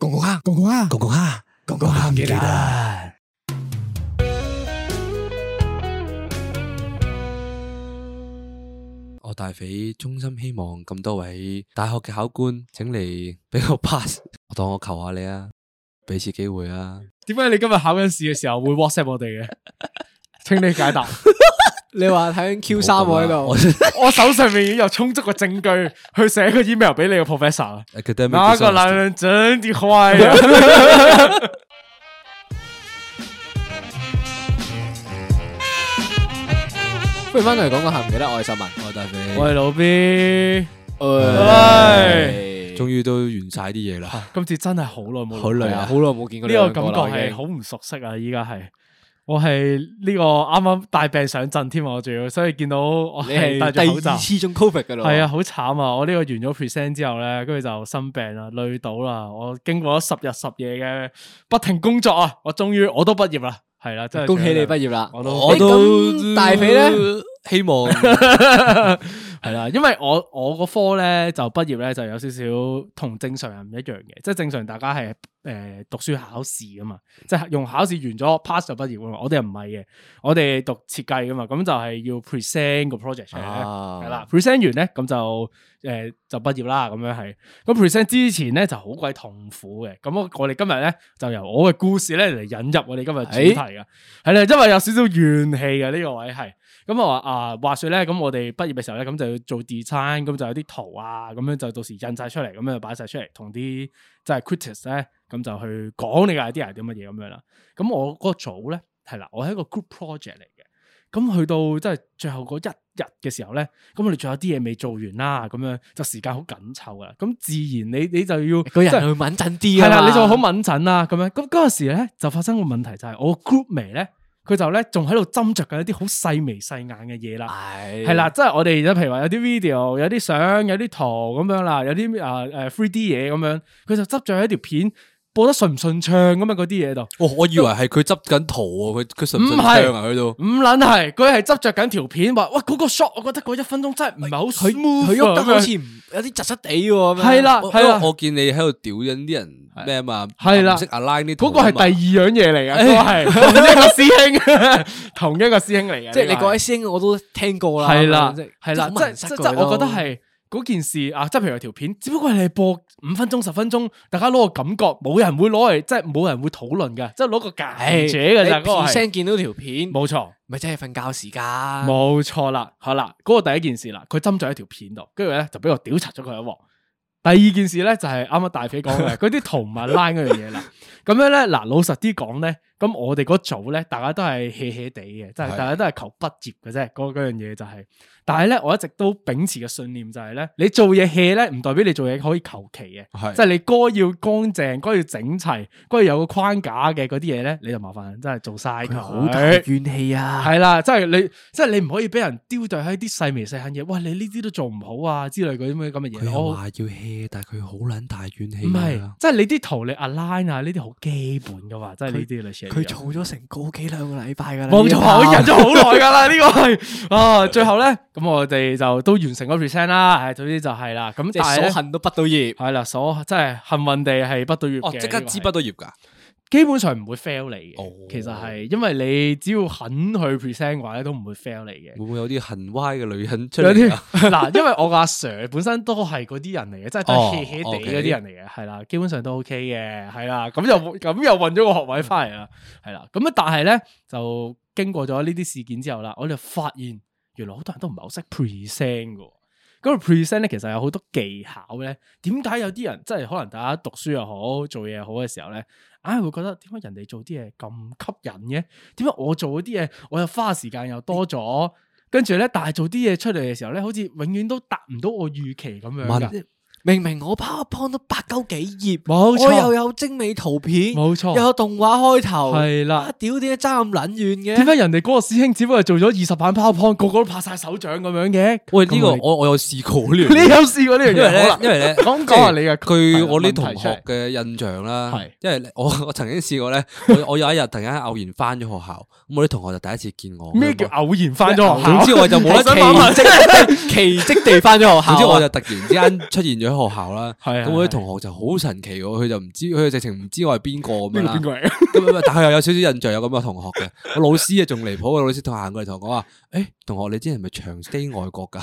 公公哈，公公哈，公公哈，公公哈，解答。我大肥衷心希望咁多位大學嘅考官請嚟俾個 pass，我當我求下你啊，俾次機會啊。點解你今日考緊試嘅時候會 WhatsApp 我哋嘅？請你解答。你話睇 Q 三喎，喺度，我手上面已經有充足嘅證據去寫個 email 俾你個 professor 啦。打個爛卵仗點開啊！翻嚟講，講下，唔記得我係十文，我係大飛，我係老 B。唉，終於都完晒啲嘢啦！今次真係好耐冇好耐好耐冇見，呢個感覺係好唔熟悉啊！依家係。我係呢個啱啱帶病上陣添，我仲要，所以見到我係第二次中 covid 噶啦，係啊，好慘啊！我呢個完咗 present 之後咧，跟住就生病啦，累到啦，我經過咗十日十夜嘅不停工作啊，我終於我都畢業啦，係啦、啊，真係恭喜你畢業啦！我都、我都、欸、大肥咧，希望。係啦，因為我我個科咧就畢業咧就有少少同正常人唔一樣嘅，即係正常大家係誒、呃、讀書考試噶嘛，即係用考試完咗 pass 就畢業。我哋又唔係嘅，我哋讀設計噶嘛，咁就係要 present 個 project 嚟。係啦、啊。present 完咧咁就誒、呃、就畢業啦，咁樣係。咁 present 之前咧就好鬼痛苦嘅，咁我我哋今日咧就由我嘅故事咧嚟引入我哋今日主題噶，係啦是，因為有少少怨氣嘅呢個位係。咁我話啊，話說咧，咁我哋畢業嘅時候咧，咁就要做 design，咁就有啲圖啊，咁樣就到時印晒出嚟，咁樣就擺晒出嚟，同啲即係 critics 咧，咁就去講你嘅 idea 啲乜嘢咁樣啦。咁我嗰個組咧，係啦，我係一個 group project 嚟嘅。咁去到即係最後嗰一日嘅時候咧，咁我哋仲有啲嘢未做完啦，咁樣就時間好緊湊噶。咁自然你你就要個人去穩陣啲，係啦，你就好穩陣啦。咁樣咁嗰陣時咧就發生個問題就係、是、我 group 未咧。佢就咧仲喺度斟酌緊一啲好細微細眼嘅嘢啦，係係啦，即係我哋而家譬如話有啲 video、有啲相、有啲圖咁樣啦，有啲啊誒 three D 嘢咁樣，佢就執著喺條片。覺得順唔順暢咁啊？嗰啲嘢度，我以為係佢執緊圖，佢佢順唔順暢啊？佢都唔卵係，佢係執着緊條片，話哇嗰個 shot，我覺得嗰一分鐘真係唔係好 smooth，佢覺得好似有啲窒窒地喎。係啦，係啦，我見你喺度屌緊啲人咩啊嘛？係啦，識 align 嗰個係第二樣嘢嚟啊，係同一個師兄，同一個師兄嚟嘅，即係你嗰位師兄我都聽過啦，係啦，係啦，即即我覺得係。嗰件事啊，即係譬如條片，只不過係你播五分鐘、十分鐘，大家攞個感覺，冇人會攞嚟，即係冇人會討論嘅，即係攞個解者嘅啫。嗰個係聲見到條片，冇錯錯，咪真係瞓覺時間，冇錯啦，好啦，嗰、嗰個第一件事啦，佢針咗喺條片度，跟住咧就俾我調查咗佢。第二件事咧就係啱啱大肥講嘅嗰啲同埋 line 嗰樣嘢啦，咁樣咧嗱，老實啲講咧。咁我哋嗰組咧，大家都係 hea hea 地嘅，即係大家都係求畢業嘅啫。嗰樣嘢就係，但係咧我一直都秉持嘅信念就係咧，你做嘢 hea 咧，唔代表你做嘢可以求其嘅，即係你該要乾淨，該要整齊，該要有個框架嘅嗰啲嘢咧，你就麻煩，真係做晒佢好大怨氣啊！係啦，即係你即係你唔可以俾人丟掉喺啲細微細肯嘢。喂，你呢啲都做唔好啊之類嗰啲咩咁嘅嘢。佢話要 hea，但係佢好撚大怨氣。唔係，即係你啲圖你 align 啊呢啲好基本嘅嘛，即係呢啲類似。佢儲咗成個幾兩個禮拜噶啦，冇錯，佢忍咗好耐噶啦，呢 個係啊，最後咧，咁我哋就都完成咗 present 啦。誒，總之就係啦，咁但係所幸都畢到業，係啦，所即係幸運地係畢到業哦，即刻知畢到業噶。基本上唔會 fail 你嘅，oh. 其實係因為你只要肯去 present 嘅話咧，都唔會 fail 你嘅。會唔會有啲行歪嘅女人出嚟啊？嗱點， 因為我個阿 Sir 本身都係嗰啲人嚟嘅，即係都怯怯地嗰啲人嚟嘅，係啦，基本上都 OK 嘅，係啦，咁又咁又搵咗個學位翻嚟啦，係啦，咁啊，但係咧就經過咗呢啲事件之後啦，我哋發現原來好多人都唔係好識 present 嘅。咁 present 咧其實有好多技巧咧，點解有啲人即係可能大家讀書又好，做嘢又好嘅時候咧？唉，哎、會覺得點解人哋做啲嘢咁吸引嘅？點解我做嗰啲嘢，我又花時間又多咗，跟住咧，但係做啲嘢出嚟嘅時候咧，好似永遠都達唔到我預期咁樣。明明我 PowerPoint 都八勾幾頁，我又有精美圖片，又有動畫開頭，係啦，屌，點解爭咁卵遠嘅？點解人哋嗰個師兄只不過係做咗二十版 PowerPoint，個個都拍晒手掌咁樣嘅？喂，呢個我我有試過呢樣，你有試過呢樣？因為因為咧，講講下你嘅、佢，我啲同學嘅印象啦，係，因為我我曾經試過咧，我有一日突然間偶然翻咗學校，咁我啲同學就第一次見我，咩叫偶然翻咗學校？總之我就冇得奇奇蹟地翻咗學校，總之我就突然之間出現咗。學校啦，咁我啲同學就好神奇喎，佢就唔知，佢直情唔知我係邊個咁樣，邊個邊個嚟？咁但係佢又有少少印象，有咁嘅同學嘅，個 老師啊仲離譜，個老師同行過嚟同我講話。誒，同學，你啲人咪長 day 外國噶？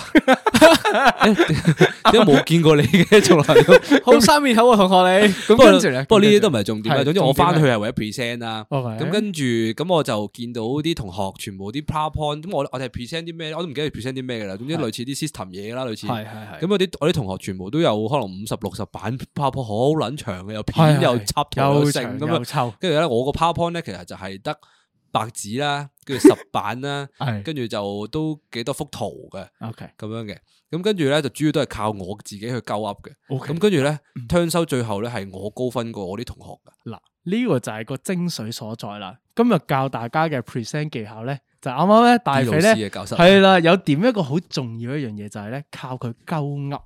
點解冇見過你嘅？從來好生面口啊，同學你。不過不過呢啲都唔係重點啦。總之我翻去係為咗 present 啦。咁跟住，咁我就見到啲同學全部啲 powerpoint，咁我我哋 present 啲咩？我都唔記得 present 啲咩噶啦。總之類似啲 system 嘢啦，類似咁我啲我啲同學全部都有可能五十六十版 powerpoint 好撚長嘅，又片又插又成咁樣。跟住咧，我個 powerpoint 咧，其實就係得。白紙啦，跟住十版啦，跟住 是就都幾多幅圖嘅，OK，咁樣嘅，咁跟住咧就主要都係靠我自己去勾 up 嘅，OK，咁跟住咧聽收最後咧係我高分過我啲同學噶，嗱呢個就係個精髓所在啦。今日教大家嘅 present 技巧咧，就啱啱咧大肥老師嘅教授。係啦，有點一個好重要一樣嘢就係、是、咧靠佢勾 up。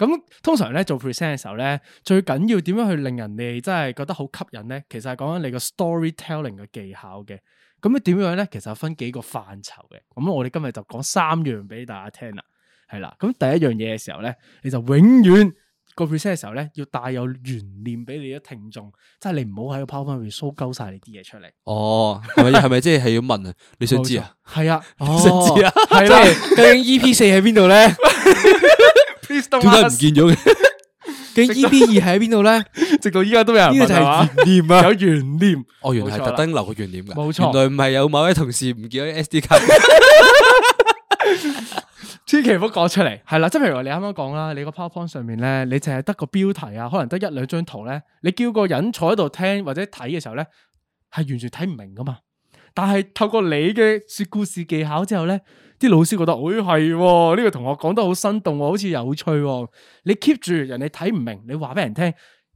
咁通常咧做 present 嘅時候咧，最緊要點樣去令人哋真係覺得好吸引咧？其實係講緊你個 storytelling 嘅技巧嘅。咁你點樣咧？其實分幾個範疇嘅。咁我哋今日就講三樣俾大家聽啦，係啦。咁第一樣嘢嘅時候咧，你就永遠個 present 嘅時候咧，要帶有懸念俾你嘅聽眾，即係你唔好喺個 PowerPoint 裏邊 show 鳩曬你啲嘢出嚟。哦，係咪？係咪？即係要問啊？ 你想知啊？係啊，想知啊，即、哦 哦、究竟 EP 四喺邊度咧？ 點解唔見咗嘅？咁 E B 二喺邊度咧？ 直到依家都有人問懸念啊， 有懸念，有懸念。哦，原來係特登留個懸念嘅。冇錯，原來唔係有某位同事唔見咗 S D 卡。千祈唔好講出嚟。係啦，即係譬如話你啱啱講啦，你個 PowerPoint 上面咧，你淨係得個標題啊，可能得一兩張圖咧，你叫個人坐喺度聽或者睇嘅時候咧，係完全睇唔明噶嘛。但係透過你嘅說故事技巧之後咧。啲老師覺得，誒、哎、係，呢、哦這個同學講得好生動，好似有趣、哦。你 keep 住，人哋睇唔明，你話俾人聽。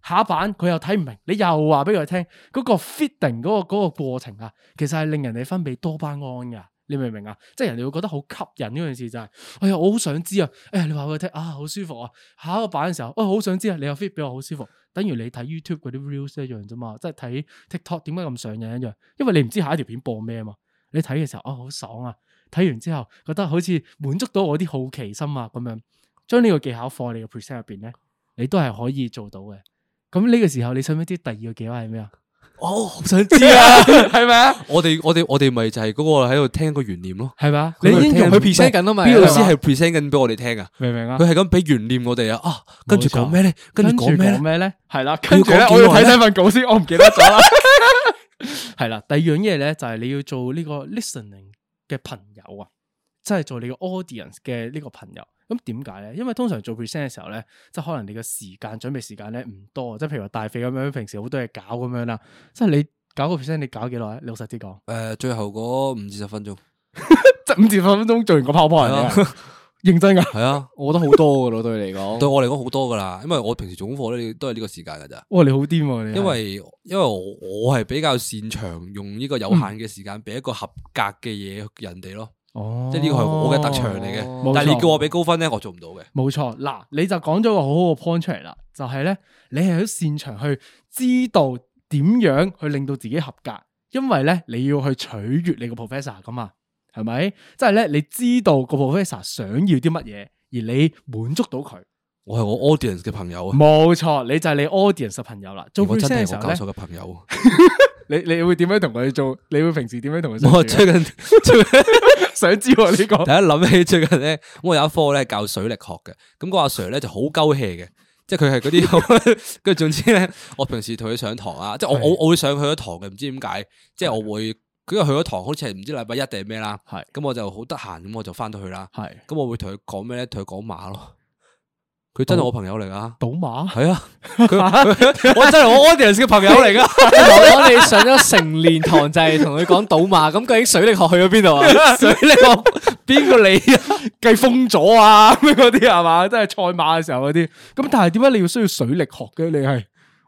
下一版佢又睇唔明，你又話俾佢聽。嗰、那個 fitting 嗰個嗰個過程啊，其實係令人哋分泌多巴胺噶。你明唔明啊？即係人哋會覺得好吸引事。呢件事就係、是，哎呀，我好想知、哎、啊。哎呀，你話俾佢聽啊，好舒服啊。下一個版嘅時候，哦、哎，我好想知啊。你又 fit 俾我好舒服，等於你睇 YouTube 嗰啲 Reels 一樣啫嘛。即係睇 TikTok 點解咁上癮一樣，因為你唔知下一條片播咩啊嘛。你睇嘅時候，啊，好爽啊！睇完之後，覺得好似滿足到我啲好奇心啊咁樣，將呢個技巧放你個 present 入邊咧，你都係可以做到嘅。咁呢個時候，你想唔知第二個技巧係咩、哦、啊？哦 吧，好想知啊，係咪啊？我哋我哋我哋咪就係嗰個喺度聽個懸念咯，係嘛吧？你應該用佢 present 緊嘛？呢 B 麼老師係 present 緊俾我哋聽啊，明唔明啊？佢係咁俾懸念我哋啊，啊，跟住講咩咧？跟住講咩咧？係啦，跟住咧，我要睇翻份稿先，我唔記得咗啦。係啦，第二樣嘢咧就係、是、你要做呢個 listening。嘅朋友啊，即係做你個 audience 嘅呢個朋友，咁點解咧？因為通常做 present 嘅時候咧，即係可能你個時間準備時間咧唔多，即係譬如話大肥咁樣，平時好多嘢搞咁樣啦，即係你搞個 present，你搞幾耐？你老實啲講。誒，最後嗰五至十分鐘，五 至十分鐘做完個泡泡嚟嘅。對啊 認真噶，係啊，我覺得好多噶， 對你嚟講，對我嚟講好多噶啦，因為我平時做功課咧，都係呢個時間噶咋。哇，你好癲啊！你因為是因為我我係比較擅長用呢個有限嘅時間，俾一個合格嘅嘢人哋咯。嗯、哦，即係呢個係我嘅特長嚟嘅。但係你叫我俾高分咧，錯我做唔到嘅。冇錯。嗱，你就講咗個好好嘅 point 出嚟啦，就係、是、咧，你係喺擅長去知道點樣去令到自己合格，因為咧你要去取悅你個 professor 噶嘛。係咪？即係咧，你知道個 professor 想要啲乜嘢，而你滿足到佢。我係我 audience 嘅朋友啊！冇錯，你就係你的 audience 嘅朋友啦。我真係我教授嘅朋友。 你你會點樣同佢做？你會平時點樣同佢？我最近 想知你講、呢個。第一諗起最近咧，我有一科咧教水力學嘅，咁嗰阿 sir 咧就好鳩氣嘅，即係佢係嗰啲。跟住，總之咧，我平時同佢上堂啊，的即係我我我會上佢嘅堂嘅，唔知點解，即係我會。 佢又去咗堂，好似係唔知禮拜一定係咩啦。係，咁我就好得閒，咁我就翻到去啦。係，咁我會同佢講咩咧？同佢講馬咯。佢真係我朋友嚟噶。賭、哦、馬？係啊，佢 我真係我 Adrian 嘅朋友嚟噶。 我哋上咗成年堂就係同佢講賭馬，咁究竟水力學去咗邊度啊？ 水力學邊個你？ 啊？計封咗啊？咁嗰啲係嘛？真係賽馬嘅時候嗰啲。咁但係點解你要需要水力學嘅？你係？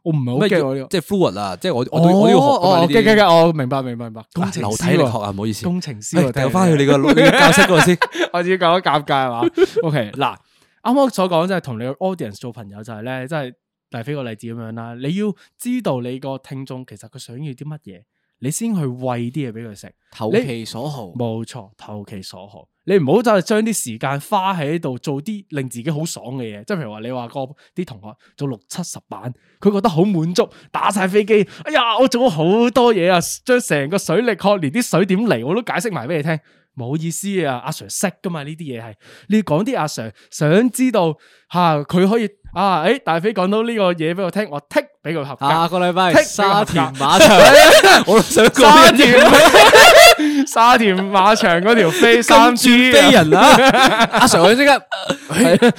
我唔係好記我呢個，即係 fluid 啊，即係我我我要學呢啲。哦，我明白明白明白。嗱，流體力學啊，唔好意思。工程師，掉翻去你個你個教室嗰度先。我自己講得尷尬係嘛？OK，嗱，啱啱所講即係同你個 audience 做朋友就係咧，即係大飛個例子咁樣啦。你要知道你個聽眾其實佢想要啲乜嘢，你先去餵啲嘢俾佢食，投其所好。冇錯，投其所好。你唔好就係將啲時間花喺度做啲令自己好爽嘅嘢，即係譬如話你話個啲同學做六七十版，佢覺得好滿足，打晒飛機，哎呀，我做咗好多嘢啊，將成個水力學連啲水點嚟，我都解釋埋俾你聽，冇意思啊，阿 Sir 識噶嘛呢啲嘢係，你要講啲阿 Sir 想知道吓，佢、啊、可以。啊！誒、欸，大飛講到呢個嘢俾我聽，我剔俾佢合格。下個禮拜沙田馬場， 我想講啲沙田馬場嗰條飛三 G 飛、啊、人啦、啊，阿 Sir 即刻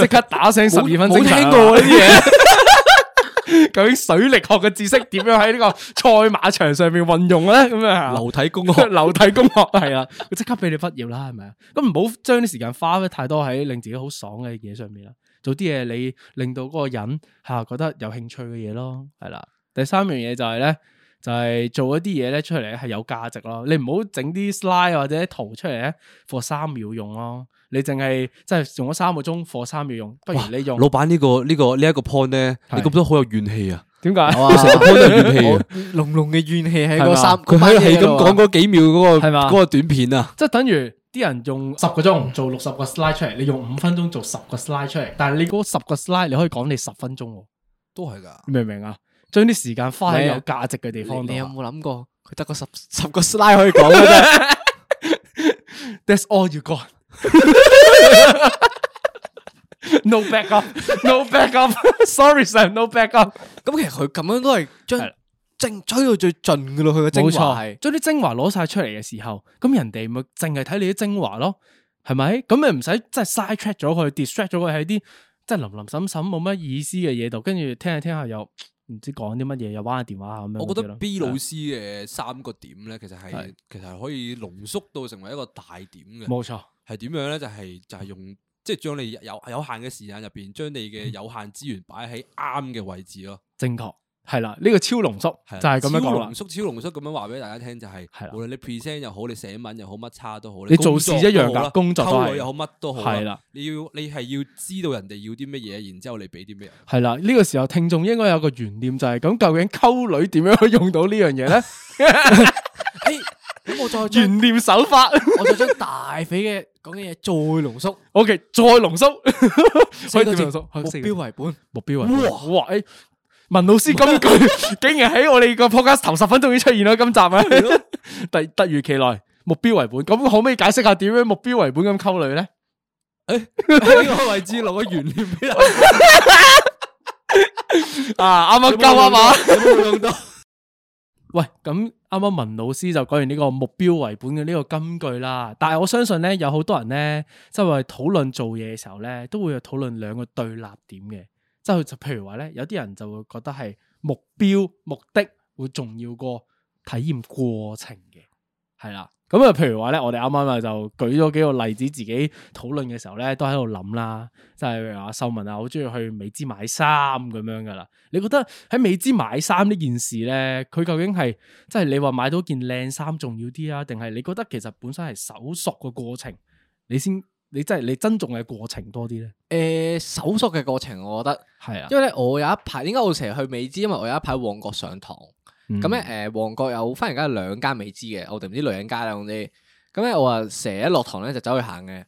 即刻打醒十二分。冇聽過呢啲嘢， 究竟水力學嘅知識點樣喺呢個賽馬場上面運用咧？咁啊，流體工學，流 體工學係啊，佢即刻俾你畢業啦，係咪啊？咁唔好將啲時間花得太多喺令自己好爽嘅嘢上面啦。做啲嘢你令到嗰個人吓覺得有興趣嘅嘢咯，係啦。第三樣嘢就係、是、咧，就係、是、做一啲嘢咧出嚟咧係有價值咯。你唔好整啲 slide 或者圖出嚟咧，for 三秒用咯。你淨係即係用咗三個鐘 for 三秒用，不如你用。老闆呢、這個呢、這個呢一、這個 point 咧是，你覺得好有怨氣啊？點解？point 有怨氣啊？濃濃嘅怨氣喺嗰三，佢喺係咁講嗰幾秒嗰、那個係嘛？嗰嗎個短片啊，即係等於。啲人用十個鐘做六十個 slide 出嚟，你用五分鐘做十個 slide 出嚟，但係呢嗰十個 slide 你可以講你十分鐘，都係噶，明唔明啊？將啲時間花喺有價值嘅地方度，你有冇諗過佢得個十十個 slide 可以講嘅啫？That's all you got，no backup，no backup，sorry sir，no backup。咁其實佢咁樣都係將。正吹到最盡噶咯，佢個精，冇錯，係將啲精華攞晒出嚟嘅時候，咁人哋咪淨係睇你啲精華咯，係咪？咁咪唔使即係 side-track 咗佢，distract 咗佢喺啲即真，真淋淋沈沈冇乜意思嘅嘢度，跟住聽下聽下又唔知講啲乜嘢，又玩下電話咁樣。我覺得 B 老師嘅三個點咧，其實係的其實係可以濃縮到成為一個大點嘅。冇錯錯，係點樣咧？就係、是、就係用即係將你有限你有限嘅時間入邊，將你嘅有限資源擺喺啱嘅位置咯。嗯、正確。係啦，呢個超濃縮就係咁樣講超濃縮、超濃縮咁樣話俾大家聽就係，無論你 present 又好，你寫文又好，乜差都好，你做事一樣噶，工作又好，乜都好。係啦，你要你係要知道人哋要啲乜嘢，然之後你俾啲乜嘢。係啦，呢個時候聽眾應該有個懸念就係，咁究竟溝女點樣可以用到呢樣嘢咧？咁我再懸念手法，我就將大髀嘅講嘅嘢再濃縮。OK，再濃縮。四個字，目標為本，目標為本。哇！誒。文老師金句 竟然喺我哋個 podcast 頭十分鐘已經出現啦！今集啊，突突的 如其來，目標為本，咁可唔可以解釋下點樣目標為本咁溝女咧？喺呢、欸、個位置留個懸念啊！啱啱溝啊嘛，咁多 吧？喂，咁啱啱文老師就講完呢個目標為本嘅呢個金句啦。但係我相信咧，有好多人咧，即係話討論做嘢嘅時候咧，都會有討論兩個對立點嘅。即係就，譬如話咧，有啲人就會覺得係目標目的會重要過體驗過程嘅，係啦。咁啊，譬如話咧，我哋啱啱就舉咗幾個例子，自己討論嘅時候咧，都喺度諗啦。即係譬如話阿秀文啊，好中意去美姿買衫咁樣噶啦。你覺得喺美姿買衫呢件事咧，佢究竟係即係你話買到件靚衫重要啲啊，定係你覺得其實本身係搜索個過程，你先？你真係你珍重嘅過程多啲咧？誒、呃，搜索嘅過程，我覺得係啊，的因為咧我有一排，點解我成日去美姿，因為我有一排喺旺角上堂，咁咧誒，旺角、嗯、有翻而家兩間美姿嘅，我哋唔知女人街啦，總、嗯、之，咁咧我啊成日一落堂咧就走去行嘅，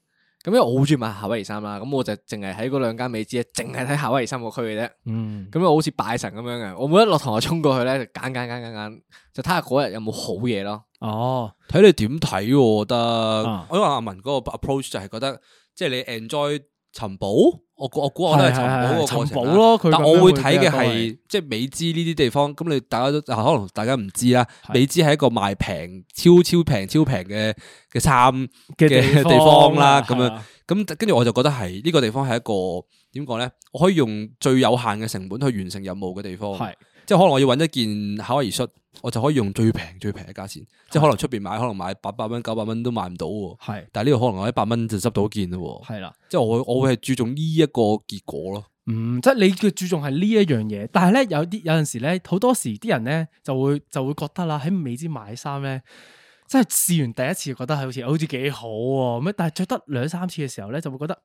咁因為我好中意買夏威夷衫啦，咁我就淨係喺嗰兩間美姿咧，淨係睇夏威夷衫個區嘅啫，咁、嗯、我好似拜神咁樣嘅，我每一落堂就衝過去咧，就揀揀揀揀揀，就睇下嗰日有冇好嘢咯。哦，睇你點睇，我覺得，啊、因為阿文嗰個 approach 就係覺得，即係你 enjoy 尋寶，我我估我都係尋寶個過程咯。是是是是，但我會睇嘅係，即係美芝呢啲地方，咁你大家都可能大家唔知啦的。美芝係一個賣平超超平超平嘅嘅衫嘅地方啦，咁樣咁跟住我就覺得係呢、這個地方係一個點講咧？我可以用最有限嘅成本去完成任務嘅地方係。即係可能我要揾一件考開而恤，我就可以用最平最平嘅價錢。即係可能出邊買，可能買八百蚊九百蚊都買唔到。係的，但係呢個可能我一百蚊就執到一件咯。係啦的，即係我我會係注重呢一個結果咯。嗯，即係你嘅注重係呢一樣嘢，但係咧有啲有陣時咧，好多時啲人咧就會就會覺得啦，喺美資買衫咧，真係試完第一次覺得係好似好似幾好咁，但係着得兩三次嘅時候咧，就會覺得。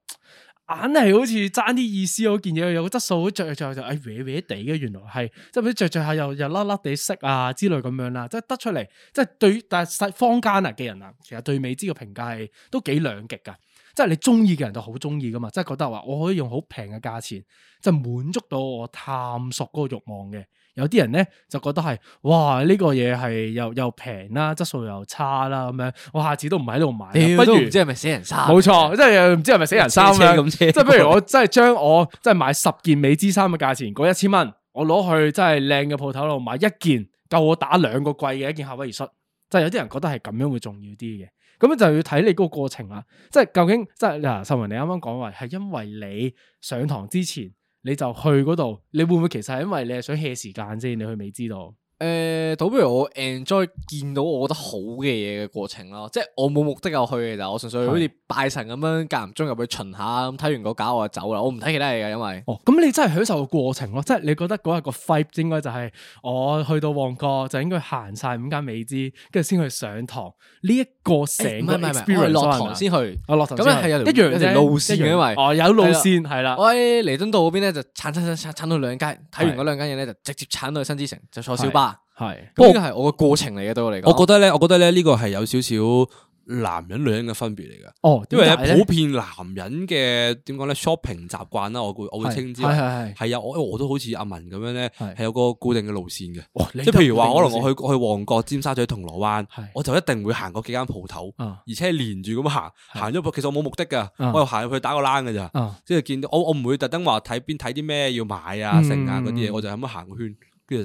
硬係好似爭啲意思嗰件嘢，有個質素，着下着就唉歪歪地嘅，原來係即係唔着着下又又甩甩地色啊之類咁樣啦，即係得出嚟，即係對但係細坊間啊嘅人啊，其實對美資嘅評價係都幾兩極噶，即係你中意嘅人就好中意噶嘛，即係覺得話我可以用好平嘅價錢，就滿足到我探索嗰個欲望嘅。有啲人咧就覺得係，哇呢、這個嘢係又又平啦，質素又差啦咁樣，我下次都唔喺度買，不如唔知係咪死人衫錯？冇錯，即係又唔知係咪死人衫咁樣，是是即係不如我真係將我即係買十件美姿衫嘅價錢，嗰一千蚊，我攞去真係靚嘅鋪頭度買一件，夠我打兩個季嘅一件夏威夷恤，即、就、係、是、有啲人覺得係咁樣會重要啲嘅，咁樣就要睇你嗰個過程啦，即係究竟即係嗱，秀、啊、文你啱啱講話係因為你上堂之前。你就去嗰度，你會唔會其實係因為你係想 hea 時間啫？你去美知度。誒，倒不如我 enjoy 見到我覺得好嘅嘢嘅過程咯，即係我冇目的我去去嘅，就我純粹好似拜神咁樣，間唔中入去巡下，咁睇完個架我就走啦，我唔睇其他嘢嘅，因為哦，咁你真係享受個過程咯，即係你覺得嗰日個 vibe 應該就係我去到旺角就應該行晒五間美知，跟住先去上堂呢一個醒 experience 落堂先去，落堂咁咧係一樣路線嘅，因為,線因為哦有路線係啦，我喺彌敦道嗰邊咧就鏟鏟鏟鏟到兩間，睇的完嗰兩間嘢咧就直接鏟到去新之城，就坐小巴。係，不過係我個過程嚟嘅，對我嚟講，我覺得咧，我覺得咧，呢個係有少少男人女人嘅分別嚟嘅。哦，因為普遍男人嘅點講咧，shopping 習慣啦，我我會稱之為係係我我都好似阿文咁樣咧，係有個固定嘅路線嘅。即係譬如話，可能我去去旺角、尖沙咀、銅鑼灣，我就一定會行過幾間鋪頭，而且連住咁行，行咗其實我冇目的噶，我又行入去打個欄噶咋，即係見到我我唔會特登話睇邊睇啲咩要買啊剩啊嗰啲嘢，我就咁樣行個圈。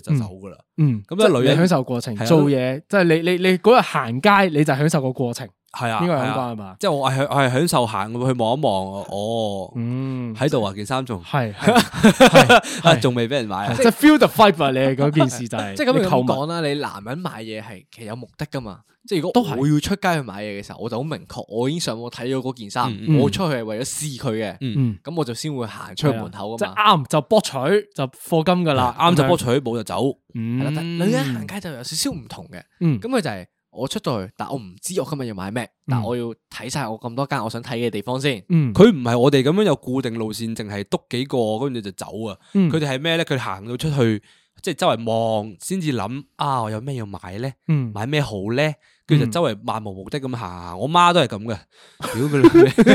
就走噶啦，嗯，咁即係女人享受過程，做嘢即係你你你嗰日行街你就享受個過程。係啊，呢個係啊，即係我係享受行，我去望一望哦。嗯，喺度啊，件衫仲係，仲未俾人買啊。即係 feel the fibre，你嗰件事就係即係咁樣講啦。你男人買嘢係其實有目的噶嘛？即係如果都係我要出街去買嘢嘅時候，我就好明確，我已經上網睇咗嗰件衫，我出去係為咗試佢嘅。嗯，咁我就先會行出去門口噶嘛。啱就博取，就貨金噶啦。啱就博取，冇就走。嗯，女人行街就有少少唔同嘅。嗯，咁佢就係。我出到去，但我唔知我今日要買咩，但我要睇晒我咁多間我想睇嘅地方先。佢唔係我哋咁樣有固定路線，淨係篤幾個，跟住就走啊。佢哋係咩咧？佢行到出去，即係周圍望，先至諗啊，我有咩要買咧？買咩好咧？跟住就周圍漫無目的咁行。我媽都係咁嘅，點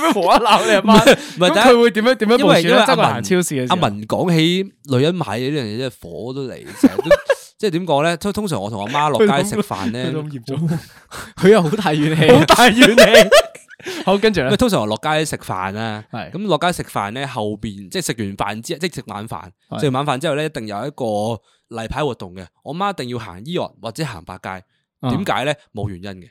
解無一啦你阿媽？唔係，佢會點樣點樣？因為而家阿文阿文講起女人買嘢呢樣嘢真係火都嚟成。即係點講咧？通通常我同我媽落街食飯咧，咁嚴重？佢又好大怨氣，好大怨氣。好，跟住咧，通常我落街食飯啊，係咁落街食飯咧，後邊即係食完飯之，即係食晚飯，食是完晚飯之後咧，一定有一個例牌活動嘅。我媽一定要行醫藥或者行百佳，點解咧？冇、嗯、原因嘅。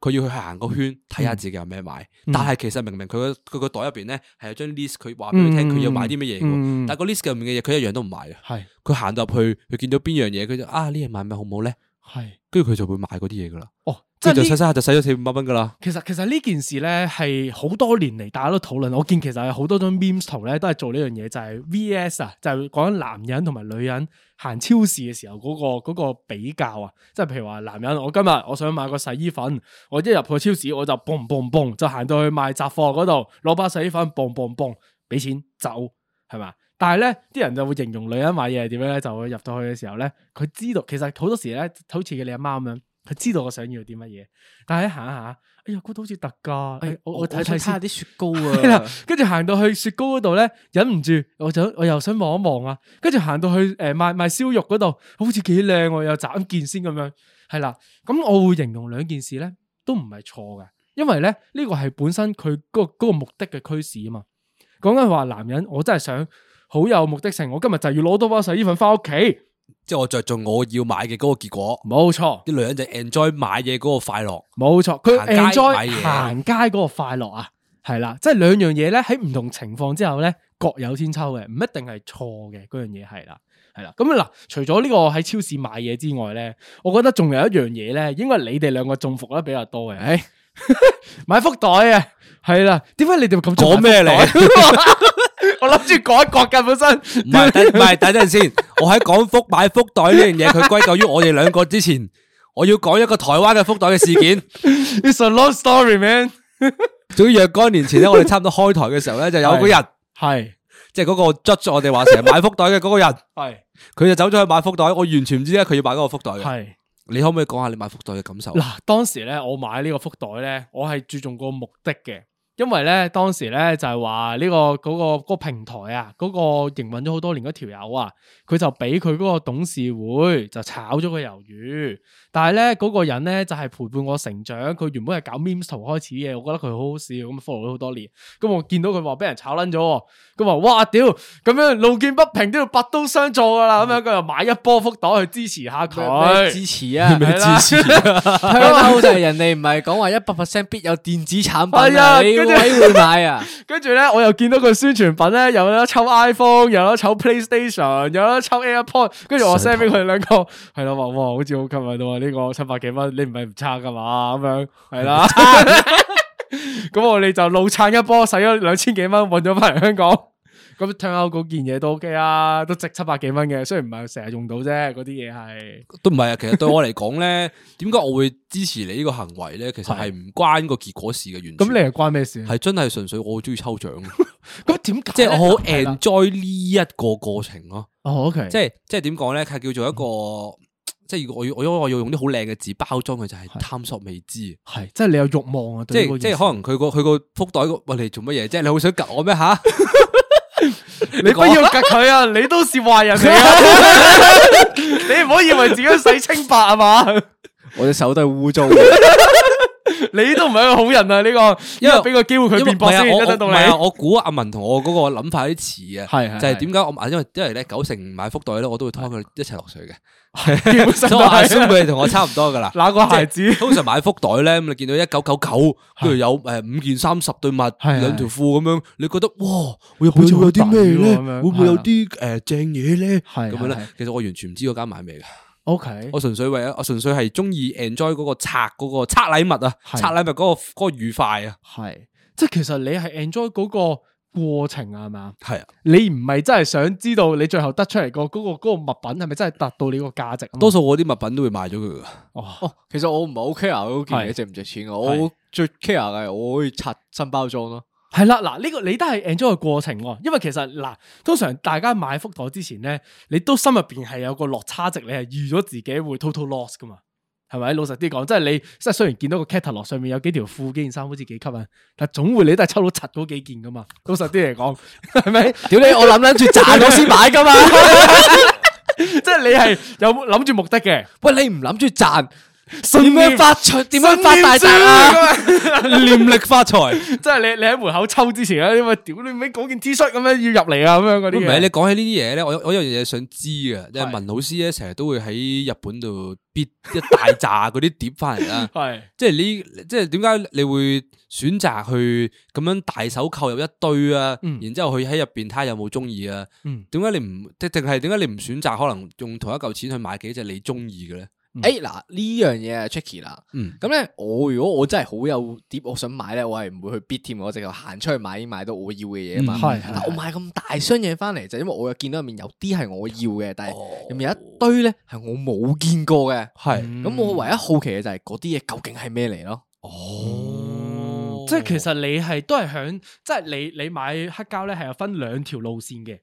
佢要去行個圈睇下自己有咩買，嗯、但係其實明明佢個佢個袋入邊咧係有張 list，佢話俾佢聽佢要買啲乜嘢，嗯嗯、但係個 list 入面嘅嘢佢一樣都唔買是啊。係，佢行到入去，佢見到邊樣嘢，佢就啊呢樣買咩好唔好咧？係，跟住佢就會買嗰啲嘢噶啦。哦。即係就使使下，就使咗四五百蚊噶啦。其實其實呢件事咧係好多年嚟，大家都討論。我見其實有好多張 meme 圖咧都係做呢樣嘢，就係、是、V S 啊，就講男人同埋女人行超市嘅時候嗰、那個、那個比較啊。即係譬如話男人，我今日我想買個洗衣粉，我一入去超市我就嘣嘣嘣就行到去賣雜貨嗰度攞把洗衣粉嘣嘣嘣 m b 俾錢走係嘛。但係咧啲人就會形容女人買嘢係點樣咧，就會入到去嘅時候咧，佢知道其實好多時咧，好似你阿媽咁樣。佢知道我想要啲乜嘢，但係行下吓，哎呀嗰度好似特價，我睇睇睇下啲雪糕啊，跟住行到去雪糕嗰度咧，忍唔住，我想我又想望一望啊，跟住行到去誒賣賣燒肉嗰度，好似幾靚，我又斬件先咁樣，係啦。咁我會形容兩件事咧，都唔係錯嘅，因為咧呢、呢個係本身佢嗰、嗰個嗰個目的嘅驅使啊嘛。講緊話男人，我真係想好有目的性，我今日就要攞多包洗衣粉返屋企。即係我着重我要買嘅嗰個結果，冇錯錯。啲女人就 enjoy 買嘢嗰個快樂，冇錯錯。佢 enjoy 行街嗰個快樂啊，係啦，即係兩樣嘢咧，喺唔同情況之後咧，各有千秋嘅，唔一定係錯嘅。嗰樣嘢係啦，係啦。咁嗱，除咗呢個喺超市買嘢之外咧，我覺得仲有一樣嘢咧，應該你哋兩個中伏得比較多嘅。誒、欸， 買福袋啊，係啦。點解你哋咁，講咩嚟？ 我諗住改國嘅本身，唔係，等唔係，等陣先。我喺講福買福袋呢樣嘢，佢歸咎於我哋兩個之前。我要講一個台灣嘅福袋嘅事件。It's a long story, man。早於若干年前咧，我哋差唔多開台嘅時候咧，就有個人係，即係嗰個捽捽我哋話成日買福袋嘅嗰個人係，佢就走咗去買福袋，我完全唔知咧，佢要買嗰個福袋嘅。係，你可唔可以講下你買福袋嘅感受？嗱，當時咧，我買呢個福袋咧，我係注重個目的嘅。因為咧，當時咧就係話呢個嗰個嗰個平台啊，嗰個營運咗好多年嗰條友啊，佢就俾佢嗰個董事會就炒咗個魷魚。但係咧嗰個人咧就係、是、陪伴我成長，佢原本係搞 Mimic s 開始嘅，我覺得佢好好笑，咁 follow 咗好多年。咁我見到佢話俾人炒撚咗，咁話哇屌，咁樣路見不平都要拔刀相助噶啦，咁樣佢又買一波福袋去支持下佢，支持啊，支持。係啊，是的 好就係人哋唔係講話一百 percent 必有電子產品、 哎，你。邊位會買啊？跟住咧，我又見到佢宣傳品咧，又有得抽 iPhone，又有得抽 PlayStation，又有得抽 AirPod。跟住我 send 俾佢兩個，係咯蛋，哇，好似好吸引到啊！呢個七百幾蚊，你唔係唔差噶嘛？咁樣係啦，咁蛋 我哋就怒撐一波，使咗兩千幾蚊，運咗翻嚟香港。咁聽翻嗰件嘢都 OK 啊，都值七百幾蚊嘅，雖然唔係成日用到啫，嗰啲嘢係都唔係啊。其實對我嚟講咧，點解 我會支持你呢個行為咧？其實係唔關個結果事嘅原因。咁你係關咩事啊？係真係純粹我好中意抽獎。咁點解即係我好 enjoy 呢一個過程咯。 哦，OK，即係即係點講咧？佢、就是、叫做一個即係，嗯、我我因我要用啲好靚嘅字包裝佢，就係、是、探索未知。係，即係、就是、你有欲望啊！即係即係可能佢個佢個福袋喂你做乜嘢？即係你好想夾我咩吓？ 你，你不要夾佢啊！ 你都是壞人嚟噶， 你唔好以為自己洗清白啊嘛！我隻手都係污糟。你都唔係一個好人啊！呢個，因為俾個機會佢辯駁先，一陣同你。唔係啊，我估阿文同我嗰個諗法有啲似嘅，就係點解我，因為因為咧九成買福袋咧，我都會拖佢一齊落水嘅。基本上，佢同我差唔多噶啦。嗱個孩子？通常買福袋咧，咁你見到一九九九，跟住有誒五件衫、十對襪、兩條褲咁樣，你覺得哇，會唔會好似有啲咩咧？會唔會有啲誒正嘢咧？咁樣咧，其實我完全唔知嗰間買咩嘅。O Okay . K，我純粹為啊，我純粹係中意 enjoy 嗰個拆嗰、嗰個拆禮物啊，拆禮是物嗰、嗰個、嗰個愉快啊，係，即係其實你係 enjoy 嗰個過程啊，係咪，係啊，你唔係真係想知道你最後得出嚟、嗰個嗰個、嗰個物品係咪真係達到你個價值，多數我啲物品都會賣咗佢噶，哦，哦，其實我唔係好 care 嗰件嘢值唔值錢噶，是我最 care 嘅係我可以拆新包裝咯。係啦，嗱呢，這個你都係 enjoy 個過程，因為其實嗱，通常大家買福袋之前咧，你都心入邊係有個落差值，你係預咗自己會 total loss 噶嘛，係咪？老實啲講，即係你即係雖然見到個 catalogue 上面有幾條褲、幾件衫，好似幾吸引，但總會你都係抽到柒嗰幾件噶嘛。老實啲嚟講，係咪？屌你，我諗諗住賺我先買噶嘛， 即係你係有冇諗住目的嘅。喂，你唔諗住賺？點樣發財？點樣發大財啊？念， 念力發財， 即係你你喺門口抽之前咧，因為屌你咪講件 T 恤咁樣要入嚟啊，咁樣嗰啲。唔係你講起呢啲嘢咧，我有我有樣嘢想知嘅，即係是文老師咧成日都會喺日本度必一大扎嗰啲碟翻嚟啊。係 是，即係你，即係點解你會選擇去咁樣大手購入一堆啊？嗯、然之後去喺入邊睇下有冇中意啊？點解、嗯、你唔？即係定係點解你唔選擇可能用同一嚿錢去買幾隻你中意嘅咧？哎嗱，呢樣嘢啊 tricky 啦，咁、hmm. 咧 But、mm，我如果我真係好有碟，我想買咧，我係唔會去 bid 添，我淨係行出去買，買到我要嘅嘢啊嘛。係，我買咁大箱嘢翻嚟就因為我見到入面有啲係我要嘅，但係入面有一堆咧係我冇見過嘅。係，咁我唯一好奇嘅就係嗰啲嘢究竟係咩嚟咯？哦 kind of、mm，hmm. oh. 即係其實你係都係響，即係你你買黑膠咧係有分兩條路線嘅。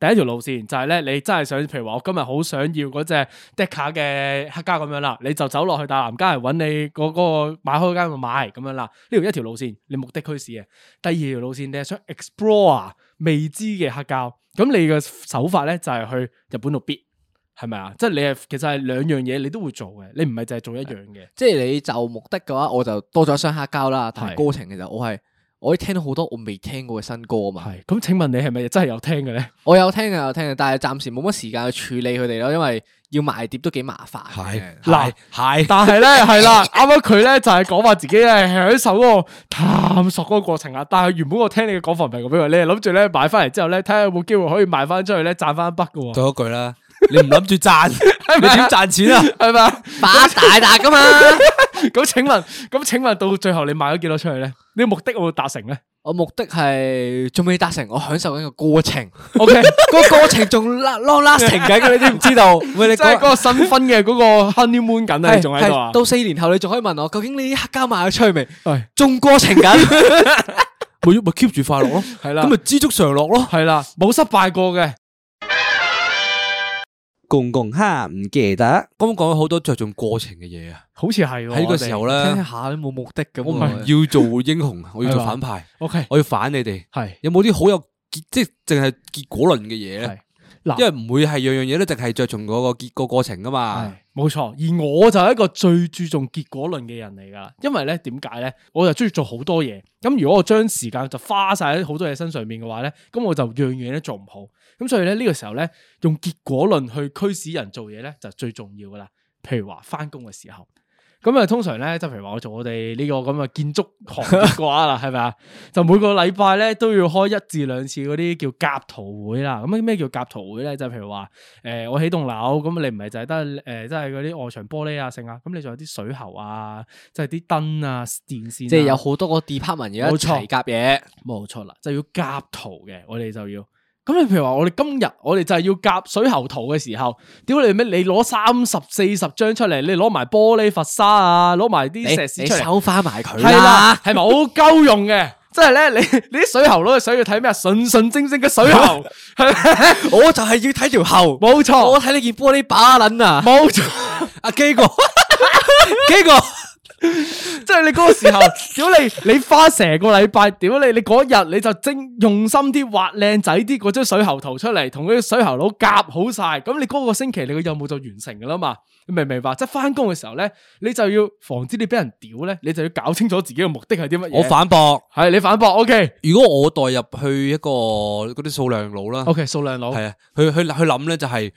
第一條路線就係咧，你真係想，譬如話我今日好想要嗰隻 Deca 嘅黑膠咁樣啦，你就走落去大南街嚟揾你嗰個買開嗰間度買咁樣啦。呢條一條路線，你目的驅使嘅。第二條路線，你係想 explore 未知嘅黑膠，咁你嘅手法咧就係、是、去日本度 beat 係咪啊？嗯、即係你係其實係兩樣嘢，你都會做嘅，你唔係淨係做一樣嘅。即係你就目的嘅話，我就多咗雙黑膠啦，但係過程其實我係。我已聽到好多我未聽過嘅新歌嘛，係咁請問你係咪真係有聽嘅咧？我有聽嘅有聽嘅，但係暫時冇乜時間去處理佢哋咯，因為要賣碟都幾麻煩。係嗱係，但係咧係啦，啱啱佢咧就係、是、講話自己咧享受嗰個探索嗰個過程啊，但係原本我聽你嘅講法唔係咁，比如你係諗住咧買翻嚟，之後咧睇下有冇機會可以賣翻出去咧賺翻一筆嘅。講一句啦。你唔諗住賺，你點賺錢啊？係嘛，發大達噶嘛？咁請問，咁請問到最後你賣咗幾多出去咧？你目的會達成咧？我目的係仲未達成，我享受緊個過程。OK，個過程仲 long lasting 緊嘅，你知唔知道？喂，你即係嗰個新婚嘅嗰個 honeymoon 緊啊，仲喺度啊？到四年後你仲可以問我，究竟你啲黑膠賣咗出去未？仲過程緊，咪咪 keep 住快樂咯，係啦，咁咪知足常樂咯，係啦，冇失敗過嘅。公共吓唔記得，咁講咗好多着重過程嘅嘢啊，好似係喺呢個時候咧，聽下都冇目的嘅啊。我唔係要做英雄， 我要做反派，OK，我要反你哋，係是有冇啲好有結，即係淨係結果論嘅嘢咧？嗱，因為唔會係樣樣嘢咧，淨係着重嗰個結個過程噶嘛，冇錯。而我就係一個最注重結果論嘅人嚟噶，因為咧點解咧？我就中意做好多嘢，咁如果我將時間就花晒喺好多嘢身上面嘅話咧，咁我就樣樣嘢都做唔好。.咁所以咧呢個時候咧，用結果論去驅使人做嘢咧，就最重要噶啦。譬如話返工嘅時候，咁啊通常咧，就譬如話我做我哋呢個咁嘅建築行業嘅話啦，係咪啊？就每個禮拜咧都要開一至兩次嗰啲叫夾圖會啦。咁咩叫夾圖會咧？就譬如話誒、呃，我起棟樓咁，你唔係、呃、就係得誒，即係嗰啲外牆玻璃啊剩啊，咁你仲有啲水喉啊，即係啲燈啊、電線、啊，即係有好多個 department 嘢一齊夾嘢，冇錯、冇錯啦，就要夾圖嘅，我哋就要。咁你譬如話我哋今日我哋就係要夾水喉圖嘅時候，屌你咩？你攞三十四十張出嚟，你攞埋玻璃佛沙啊，攞埋啲石屎出嚟，收翻埋佢啦，係咪好夠用嘅。即係咧，你是是 你啲水喉攞嚟想要睇咩？純純正正嘅水喉， 嗎我就係要睇條喉。冇錯錯，我睇你件玻璃把捻啊，冇錯，阿基哥，基哥。 即係你嗰個時候，屌 你你花成個禮拜，屌你你嗰日你就精用心啲畫靚仔啲嗰張水喉圖出嚟，同嗰啲水喉佬夾好晒，咁你嗰個星期你個任務就完成噶啦嘛？你明唔明白？即係翻工嘅時候咧，你就要防止你俾人屌咧，你就要搞清楚自己嘅目的係啲乜嘢。我反駁，係你反駁。OK，如果我代入去一個嗰啲數量佬啦，OK，數量佬係啊，去去去諗咧就係、是。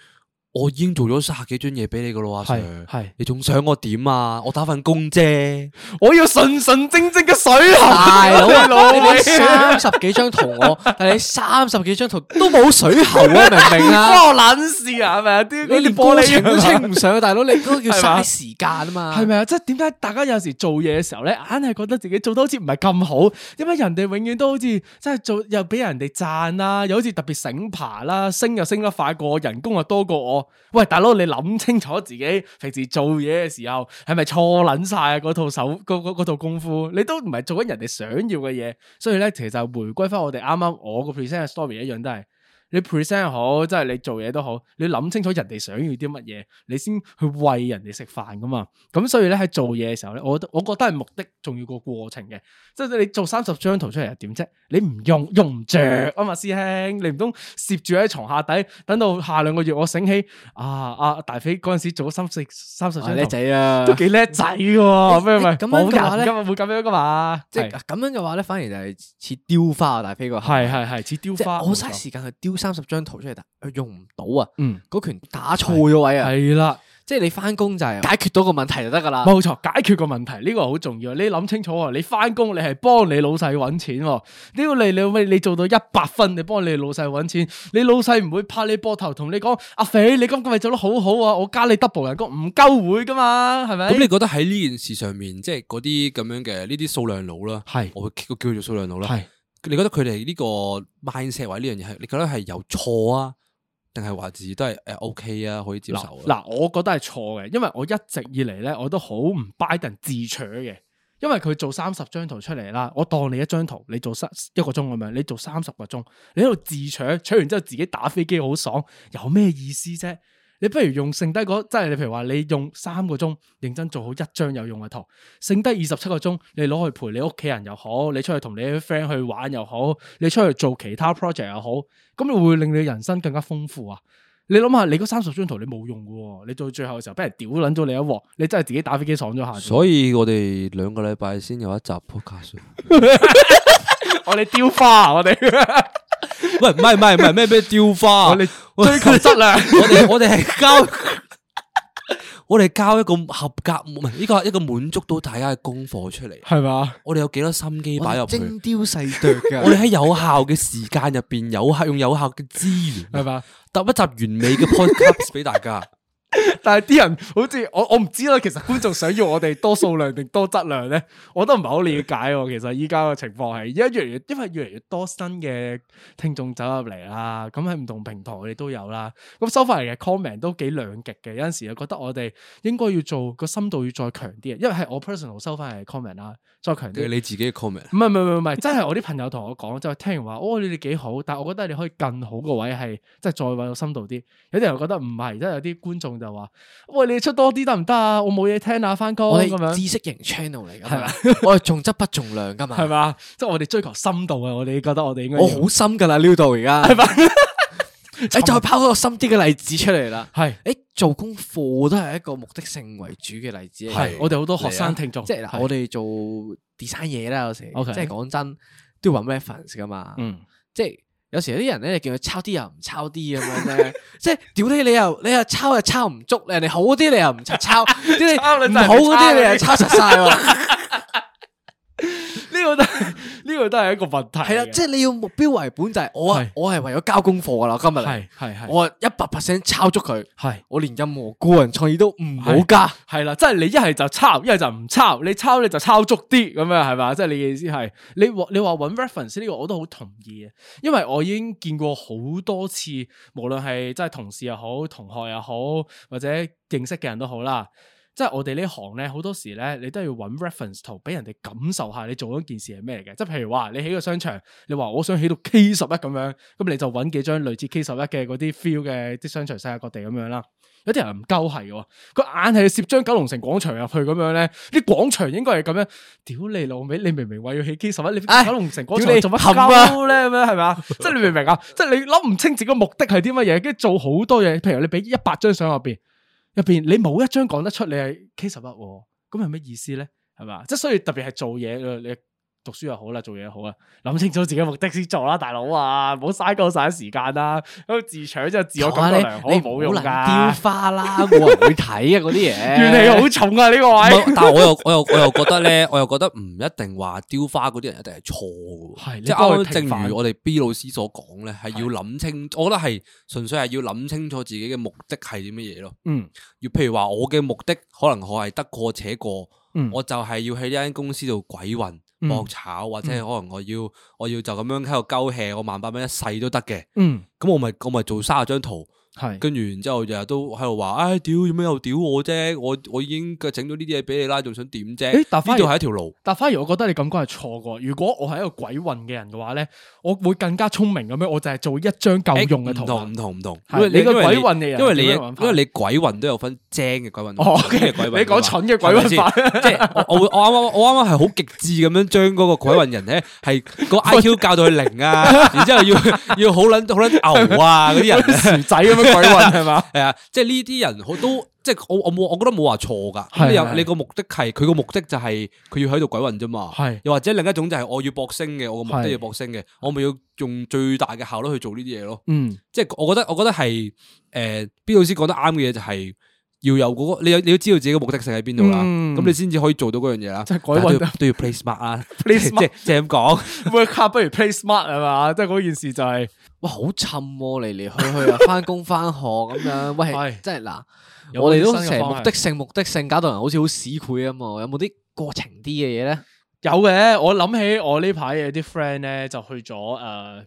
我已經做咗卅幾張嘢俾你噶啦，阿 Sir，係你仲想我點啊？我打份工啫，我要純純正正嘅水喉我，大佬 你三十幾張圖我，但係你三十幾張圖都冇水喉啊，明唔明啊？關我撚事啊，係咪啊？你連玻璃 都清唔上，大佬你都要嘥時間啊嘛？係咪啊？即係點解大家有時做嘢嘅時候咧，硬係覺得自己做得好似唔係咁好，因為人哋永遠都好似即係做又俾人哋讚啦，又好似特別醒爬啦，升又升得快過，人工又多過我。喂，大佬，你諗清楚自己平時做嘢嘅時候係咪錯捻晒啊？嗰套手，嗰套功夫，你都唔係做緊人哋想要嘅嘢，所以咧，其實就回歸翻我哋啱啱我個 present story 一樣都係。.你 present 好，即係你做嘢都好，你諗清楚人哋想要啲乜嘢，你先去餵人哋食飯噶嘛。咁所以咧喺做嘢嘅時候咧，我我覺得係目的重要過過程嘅。即係你做三十張圖出嚟又點啫？你唔用用唔着啊嘛，師兄，你唔通攝住喺床下底，等到下兩個月我醒起啊啊大飛嗰陣時做咗三四三十張。叻仔啊，都幾叻仔嘅喎。咩咩？咁樣嘅話咧，今日會咁樣噶嘛？即係咁樣嘅話咧，反而就係似雕花啊！大飛個係係係似雕花。即係我嘥時間去雕。三十張圖出嚟，但用唔到啊！嗯，嗰拳打錯咗位啊！係啦的，即係你翻工就係、是、解決到個問題就得噶啦。冇錯，解決個問題呢、呢個好重要。你諗清楚你翻工你係幫你老細搵錢喎。屌你你你做到一百分，你幫你老細搵錢，你老細唔會拍你膊頭同你講：阿肥，你今個咪做得好好啊！我加你 double 人工唔鳩會噶嘛？係咪？咁你覺得喺呢件事上面，即係嗰啲咁樣嘅呢啲數量佬啦，係的，我叫佢做數量佬啦，的你覺得佢哋呢個 mindset 位呢樣嘢係你覺得係有錯啊，定係話自己都係誒 O K 啊，可以接受？嗱，我覺得係錯嘅，因為我一直以嚟咧，我都好唔 biden 自取嘅，因為佢做三十張圖出嚟啦，我當你一張圖，你做三一個鐘咁樣，你做三十個鐘，你喺度自取，取完之後自己打飛機好爽，有咩意思啫？你不如用剩低嗰，即係你譬如話你用三個鐘認真做好一張有用嘅圖，剩低二十七個鐘，你攞去陪你屋企人又好，你出去同你啲 friend 去玩又好，你出去做其他 project 又好，咁會令你人生更加豐富啊！你諗下，你嗰三十張圖你冇用嘅，你到最後嘅時候俾人屌捻咗你一鑊，你真係自己打飛機爽咗下。所以我哋兩個禮拜先有一集 podcast， 我哋雕花，我哋。 喂，唔係唔係唔係咩咩雕花、啊、我哋追求質量 我，我哋 我哋係交我哋交一個合格，唔係呢個係一個滿足到大家嘅功課出嚟，係嘛吧？我哋有幾多心機擺入精雕細琢嘅。我哋喺有效嘅時間入邊，有效用有效嘅資源，係嘛吧？搭一集完美嘅 Podcast 俾大家。 但係啲人好似我我唔知啦，其實觀眾想要我哋多數量定多質量咧，我都唔係好了解、啊。其實依家嘅情況係，因為越嚟因為越嚟越多新嘅聽眾走入嚟啦，咁喺唔同平台我哋都有啦。咁收翻嚟嘅 comment 都幾兩極嘅，有陣時又覺得我哋應該要做個深度要再強啲，因為係我 personal 收翻嚟嘅 comment 啦，再強啲。你自己嘅 comment？唔係唔係唔唔係，真係我啲朋友同我講，就係、是、聽完話哦，你哋幾好，但係我覺得你可以更好位、就是、個位係，即係再搵個深度啲。有啲人覺得唔係，真係有啲觀眾。就話喂，你出多啲得唔得啊？我冇嘢聽啊，返工咁樣。知識型 channel 嚟噶，我係重質不重量噶嘛，係嘛？即係我哋追求深度啊！我哋覺得我哋應該我好深噶啦，呢到而家。你再拋一個深啲嘅例子出嚟啦。係，誒，做功課都係一個目的性為主嘅例子。係，我哋好多學生聽眾，即係我哋做 design 嘢啦，有時即係講真，都要 reference 噶嘛。嗯，即係。有時有啲人咧，你叫佢抄啲又唔抄啲咁樣咧， 即係屌你！你又你又抄又抄唔足，人哋好啲你又唔抄， 抄唔 好啲你又抄實晒喎！呢個都～呢個都係一個問題。係啦，即係你要目標為本，就係我啊，是我係為咗交功課噶啦，今日係係係，我一百 percent 抄足佢。係是，我連任何個人創意都唔好加。係啦是，即係你一係就抄，一係就唔抄。你抄你就抄足啲咁樣，係嘛？即係你嘅意思係，你話你話搵 reference 呢個我都好同意啊。因為我已經見過好多次，無論係即係同事又好，同學又好，或者認識嘅人都好啦。即係我哋呢行咧，好多時咧，你都要揾 reference 圖俾人哋感受下你做嗰件事係咩嘅。即係譬如話你起個商場，你話我想起到 K 十一咁樣，咁你就揾幾張類似 K 十一嘅嗰啲 feel 嘅即商場世界各地咁樣啦。有啲人唔鳩係嘅，個眼係攝張九龍城廣場入去咁樣咧，啲廣場應該係咁樣。屌你老味，你明唔明話要起 K 十一？你九龍城廣場你做乜鳩咧？咁樣係咪啊？是是即係你明唔明啊？即係你諗唔清自己嘅目的係啲乜嘢，跟住做好多嘢。譬如你俾一百張相入邊。入邊你冇一張講得出你係 case one，咁係咩意思咧？係嘛吧，即係所以特別係做嘢你。讀書又好啦，做嘢好啦，諗清楚自己目的先做啦，大佬啊，唔好嘥咁晒時間啦，啊，喺自搶即係自我表揚，我冇用噶，雕花啦， 我唔會睇啊。嗰啲嘢怨氣好重啊！呢、呢個位，但係我又我又我又覺得咧，我又覺得唔 一定話雕花嗰啲人一定係錯噶，即係正如我哋 B 老師所講咧，係要諗清楚，是我覺得係純粹係要諗清楚自己嘅目的係啲乜嘢咯。嗯，要譬如話我嘅目的可能我係得過且過，嗯、我就係要喺呢間公司度鬼混。搏炒、嗯、或者可能我要、嗯、我要就咁樣喺度鳩 hea 我萬八蚊一世都得嘅，咁、嗯、我咪我咪做卅張圖。係，跟住然之後日日都喺度話，唉，屌，做咩又屌我啫？我我已經嘅整咗呢啲嘢俾你啦，仲想點啫？誒，呢度係一條路。但反而我覺得你感覺係錯嘅。如果我係一個鬼運嘅人嘅話咧，我會更加聰明咁樣，我就係做一張夠用嘅圖。唔同唔同唔同。你個鬼運嘅人，因為你因為你鬼運都有分精嘅鬼運，哦，你講蠢嘅鬼運即係我會，我啱啱我啱啱係好極致咁樣將嗰個鬼運人咧，係個 I Q 教到去零啊，然之後要要好捻好捻牛啊嗰啲人。仔咁鬼混係嘛？係啊，即係呢啲人好都，即係我我冇，我覺得冇話錯噶。你有你個目的係，佢個目的就係佢要喺度鬼混啫嘛。係又或者另一種就係我要博升嘅，我個目的要博升嘅，我咪要用最大嘅效率去做呢啲嘢咯。嗯，即係我覺得，我覺得係誒，B 老師講得啱嘅嘢就係要有嗰個，你你要知道自己嘅目的性喺邊度啦。咁你先至可以做到嗰樣嘢啦。鬼混都要 play smart 啊，即係即係咁講，work hard 不如 play smart 係嘛，即係嗰件事就係。哇，好沉、啊，嚟嚟去去啊，翻工翻學咁樣，喂，即係嗱，一我哋都成目，目， 目的性，目的性搞到人好似好市儈啊嘛，有冇啲過程啲嘅嘢咧？有嘅，我諗起我呢排有啲 friend 咧就去咗誒、呃、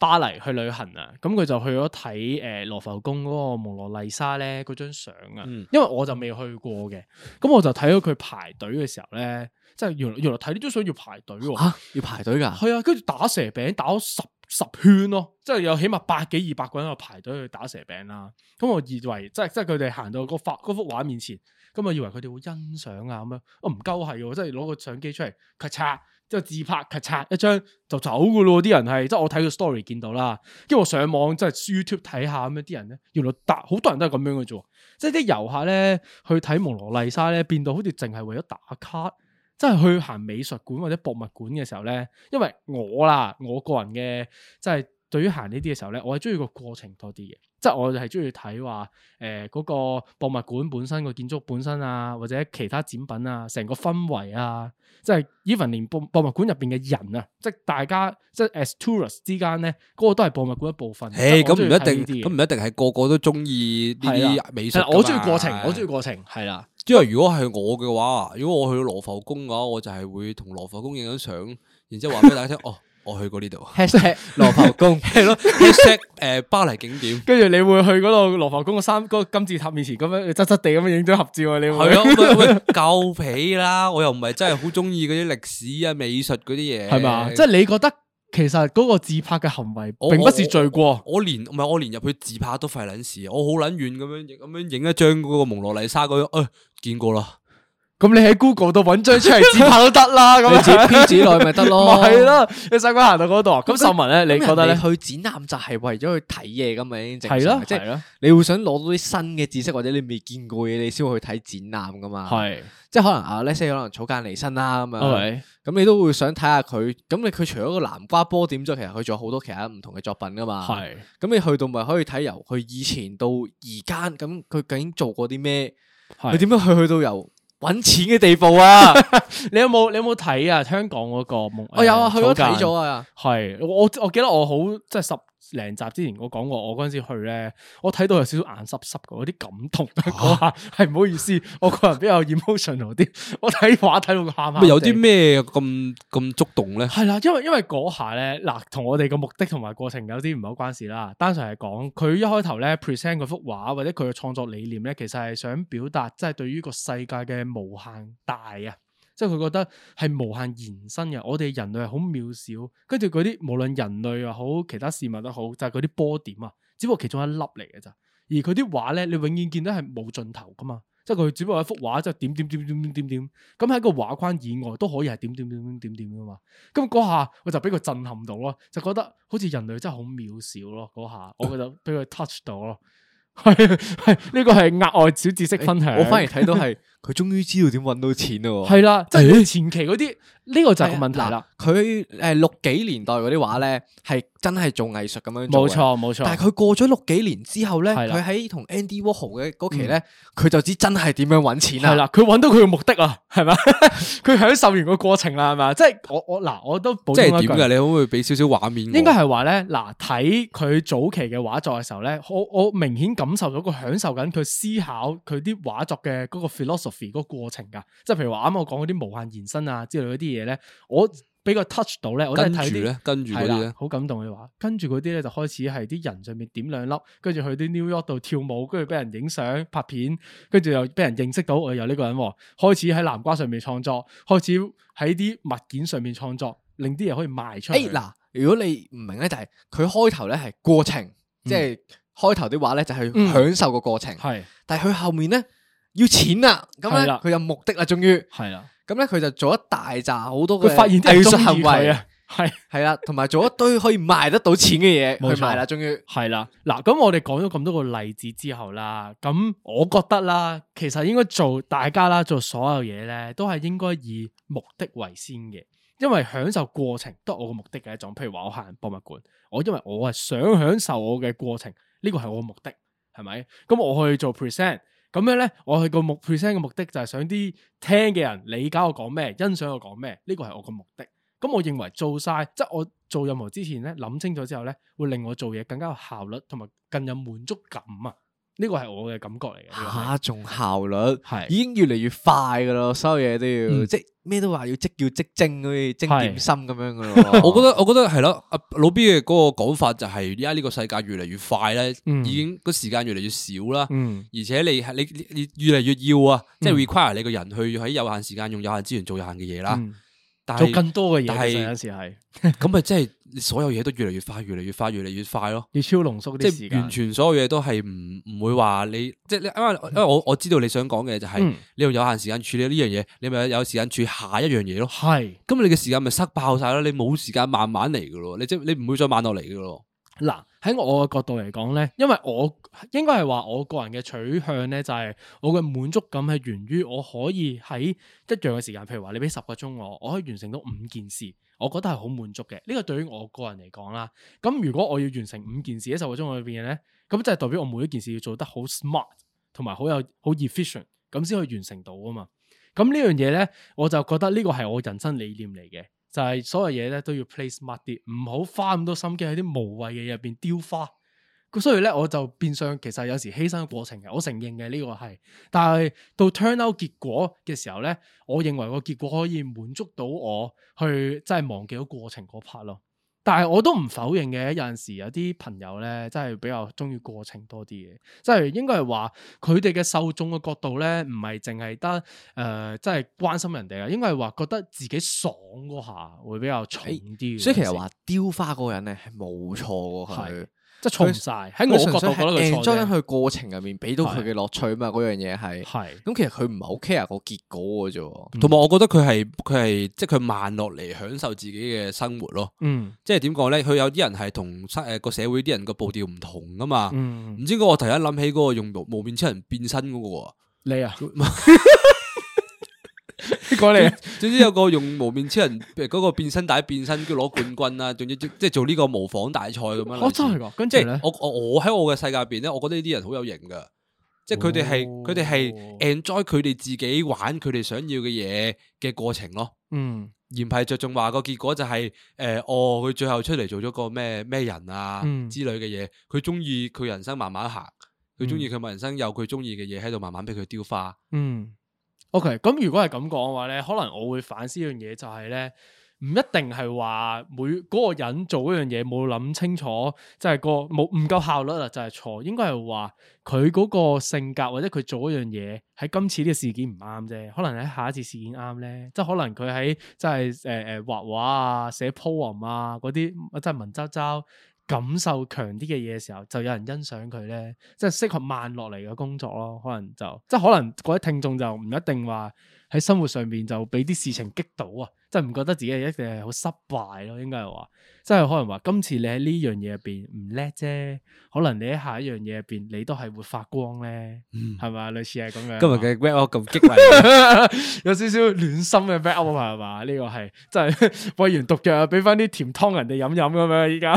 巴黎去旅行啊，咁佢就去咗睇誒羅浮宮嗰個蒙羅麗莎咧嗰張相啊，嗯、因為我就未去過嘅，咁我就睇到佢排隊嘅時候咧，即係原原來睇呢張相要排隊，吓、啊、要排隊噶，係啊，跟住打蛇餅打咗十。十圈咯，即係有起碼百幾二百個人喺度排隊去打蛇餅啦。咁我以為，即係即係佢哋行到個畫嗰幅畫面前，咁我以為佢哋會欣賞啊咁樣，我唔鳩係，即係攞個相機出嚟咔嚓，即係自拍咔嚓一張就走噶咯。啲人係即係我睇個 story 見到啦，跟住我上網即係 YouTube 睇下咁樣，啲人呢，原來好多人都係咁樣嘅啫，即係啲遊客呢，去睇蒙羅麗莎呢，變到好似淨係為咗打卡。即係去行美術館或者博物館嘅時候咧，因為我啦，我個人嘅即係對於行呢啲嘅時候咧，我係中意個過程多啲嘅。即係我係中意睇話誒嗰個博物館本身個建築本身啊，或者其他展品啊，成個氛圍啊，即係 even 連博博物館入邊嘅人啊，即係大家即係 as tourists 之間咧，嗰個都係博物館一部分。誒嘿，咁唔一定，咁唔一定係個個都中意呢啲美術。我中意過程，我中意過程，係啦。即係如果係我嘅話，如果我去到羅浮宮嘅話，我就係會同羅浮宮影咗相，然之後話俾大家聽， 哦，我去過呢度。Hashtag 羅浮宮，係咯。Hashtag 誒巴黎景點。跟住你會去嗰度羅浮宮個三、嗰個金字塔面前咁樣，執執地咁樣影張合照。你係咯、啊， 喂，夠皮啦，我又唔係真係好中意嗰啲歷史啊、美術嗰啲嘢，係嘛？即係你覺得？其實嗰個自拍嘅行為並不是罪過。我我我我，我連唔係我連入去自拍都費撚事，我好撚遠咁樣影咁樣影一張嗰個蒙娜麗莎嗰樣，誒、哎，見過啦。咁你喺 Google 度揾張出嚟自拍都得啦，咁啊 P 字落去咪得咯。係咯，你使鬼行到嗰度？咁秀文咧，但你覺得你去展覽就係為咗去睇嘢咁咪？已經係咯，即係的你會想攞到啲新嘅知識或者你未見過嘢，你先會去睇展覽噶嘛？係的，即係可能阿 Leslie 可能草間彌生啦咁啊，咁的你都會想睇下佢。咁你佢除咗個南瓜波點之外，其實佢仲有好多其他唔同嘅作品噶嘛？係的。咁你去到咪可以睇由佢以前到而家，咁佢究竟做過啲咩？佢點的樣去去到由？揾錢嘅地步啊 你有有！你有冇你有冇睇啊？香港嗰、嗰個夢，我有啊，去咗睇咗啊，係我我記得我好即係十零集之前我講過，我嗰陣時去咧，我睇到有少少眼濕濕嘅，有啲感動。嗰下係唔好意思，我個人比較 emotional 啲， 我睇畫睇到喊。咁有啲咩咁咁觸動咧？係啦，因為因為嗰下咧，嗱，同我哋嘅目的同埋過程有啲唔係好關事啦。單純係講佢一開頭咧 present 嗰幅畫或者佢嘅創作理念咧，其實係想表達即係對於個世界嘅無限大啊。即係佢覺得係無限延伸嘅，我哋人類係好渺小，跟住嗰啲無論人類又好，其他事物都好，就係嗰啲波點啊，只不過其中一粒嚟嘅咋。而佢啲畫咧，你永遠見到係冇盡頭噶嘛。即係佢只不過一幅畫，即係點點點點點點點，咁喺個畫框以外都可以係點點點點點噶嘛。咁嗰下我就俾佢震撼到咯，就覺得好似人類真係好渺小咯。嗰下我覺得俾佢 touch 到咯，係，係呢個係額外小知識分享，我反而睇到係。 佢終於知道點搵到錢咯，係啦的，即係佢前期嗰啲呢個就係個問題啦。佢誒六幾年代嗰啲畫咧，係真係做藝術咁樣，冇錯冇錯。錯，但係佢過咗六幾年之後咧，佢喺同的 Andy Warhol 嘅嗰期咧，佢、嗯、就知真係點樣搵錢啦。係啦，佢搵到佢嘅目的啦，係咪？佢 享受完個過程啦，係嘛。即係我我嗱，我都即係點噶？句你可唔可以俾少少畫面？應該係話咧，嗱睇佢早期嘅畫作嘅時候咧，我我明顯感受到佢享受緊佢思考佢啲畫作嘅嗰個 philosophy 個過程噶，即係譬如話啱啱我講嗰啲無限延伸啊之類嗰啲嘢咧，我比較 touch 到咧，我係睇住跟住嗰啲好感動嘅畫，跟住嗰啲咧就開始係啲人上面點兩粒，跟住去啲 New York 度跳舞，跟住俾人影相拍片，跟住又俾人認識到誒由呢個人，開始喺南瓜上面創作，開始喺啲物件上面創作，令啲嘢可以賣出去。誒、欸，嗱、呃，如果你唔明咧，就係佢開頭咧係過程，即係開頭啲畫咧就係享受個過程，係、嗯，嗯、但係佢後面咧。要錢啦，咁佢有目的啦，終於係啦，咁咧佢就做一大紮好多嘅藝術行為啊，係係啦，同埋的 做一堆可以賣得到錢嘅嘢錯去賣啦，終於係啦。嗱，咁我哋講咗咁多個例子之後啦，咁我覺得啦，其實應該做大家啦，做所有嘢咧都係應該以目的為先嘅，因為享受過程都係我嘅目的嘅一種，譬如話我行博物館，我因為我係想享受我嘅過程，呢個係我嘅目的，係咪？咁我去做 present。咁樣咧，我係個 present 嘅目的就係想啲聽嘅人理解我講咩，欣賞我講咩，呢個係我個目的。咁我認為做晒，即係我做任何之前咧，諗清楚之後咧，會令我做嘢更加有效率，同埋更有滿足感啊！呢個係我嘅感覺嚟嘅吓，仲、啊、效率係是已經越嚟越快噶咯，所有嘢都要、嗯、即咩都話要即叫即蒸好似蒸點心咁樣噶咯是。 我覺得我覺得係咯，阿老 B 嘅嗰個講法就係而家呢個世界越嚟越快咧，嗯、已經個時間越嚟越少啦，嗯、而且你係你你，你越嚟越要啊，即、就是、require 你個人去喺有限時間用有限資源做有限嘅嘢啦。嗯做更多嘅嘢係，有時係咁咪即係所有嘢都越嚟越快，越嚟越快，越嚟越快咯，越超濃縮啲時間。完全所有嘢都係唔唔會話你，即係你因為因為我我知道你想講嘅就係，嗯，你用有限時間處理呢樣嘢，你咪有時間處理下一樣嘢咯。係，咁你嘅時間咪塞爆晒啦！你冇時間慢慢嚟噶咯，你即係你唔會再慢落嚟噶咯。嗱，喺我嘅角度嚟講咧，因為我應該係話我個人嘅取向咧，就係我嘅滿足感係源於我可以喺一樣嘅時間，譬如話你俾十個鐘我，我可以完成到五件事，我覺得係好滿足嘅。呢個對於我個人嚟講啦，咁如果我要完成五件事喺十個鐘內邊嘅咧，咁就係代表我每一件事要做得好 smart，同埋好有好 efficient，咁先可以完成到啊嘛。咁呢樣嘢咧，我就覺得呢個係我人生理念嚟嘅。就係所有嘢咧都要 play smart 啲，唔好花咁多心機喺啲無謂嘅嘢入邊雕花。咁所以咧，我就變相其實有時犧牲嘅過程嘅，我承認嘅呢個係。但係到 turn out 結果嘅時候咧，我認為個結果可以滿足到我，去真係忘記咗過程嗰 part 咯。但係我都唔否認嘅，有陣時有啲朋友咧，真係比較中意過程多啲嘅，即係應該係話佢哋嘅受眾嘅角度咧，唔係淨係得誒，即係關心人哋啊，應該係話覺得自己爽嗰下會比較重啲。所以其實話雕花嗰個人咧，冇錯喎佢，即係錯晒，喺我純粹係 e n d 佢，過程入面俾到佢嘅樂趣嘛，嗰是的 樣嘢係。係。咁其實佢唔係好 care 個結果嘅啫，同埋、嗯、我覺得佢係佢係即係佢慢落嚟享受自己嘅生活咯。嗯即，即係點講咧？佢有啲人係同誒個社會啲人個步調唔同噶嘛。唔、嗯、知點解我突然間諗起嗰個用毒無面超人變身嗰、那個。你啊？ 總之 有個用無面超人嗰個變身帶變身，叫攞冠軍啊！仲要即係做呢個模仿大賽咁樣。哦，真係噶！咁即係我我我喺我嘅世界入邊咧，我覺得呢啲人好有型噶。即係佢哋係佢哋係 enjoy 佢哋自己玩佢哋想要嘅嘢嘅過程咯。嗯，而唔係着重話個結果就係、是、誒、呃，哦，佢最後出嚟做咗個咩咩人啊之類嘅嘢。佢中意佢人生慢慢行，佢中意佢人生有佢中意嘅嘢喺度慢慢俾佢雕花。嗯。OK，咁如果係咁講嘅話咧，可能我會反思一樣嘢就係、是、咧，唔一定係話每嗰、那個嗰個人做嗰樣嘢冇諗清楚，就係、是那個嗰個冇唔夠效率啦，就係、是、錯。應該係話佢嗰個性格或者佢做嗰樣嘢喺今次呢個事件唔啱啫，可能喺下一次事件啱咧。即係可能佢喺即係誒誒畫畫啊、寫 poem 啊嗰啲，即係文縐縐。感受強啲嘅嘢嘅時候，就有人欣賞佢咧，即係適合慢落嚟嘅工作咯。可能就，即係可能嗰啲聽眾就唔一定話。喺生活上面就俾啲事情激到啊！即係唔覺得自己係一定係好失敗咯，應該係話，即係可能話今次你喺呢樣嘢入邊唔叻啫，可能你喺下一樣嘢入邊你都係會發光咧，係嘛，嗯，類似係咁樣。今日嘅 back up 咁激勵， 有少少暖心嘅 back up 係嘛？呢，這個係真係喂完毒藥，俾翻啲甜湯人哋飲飲咁樣。依家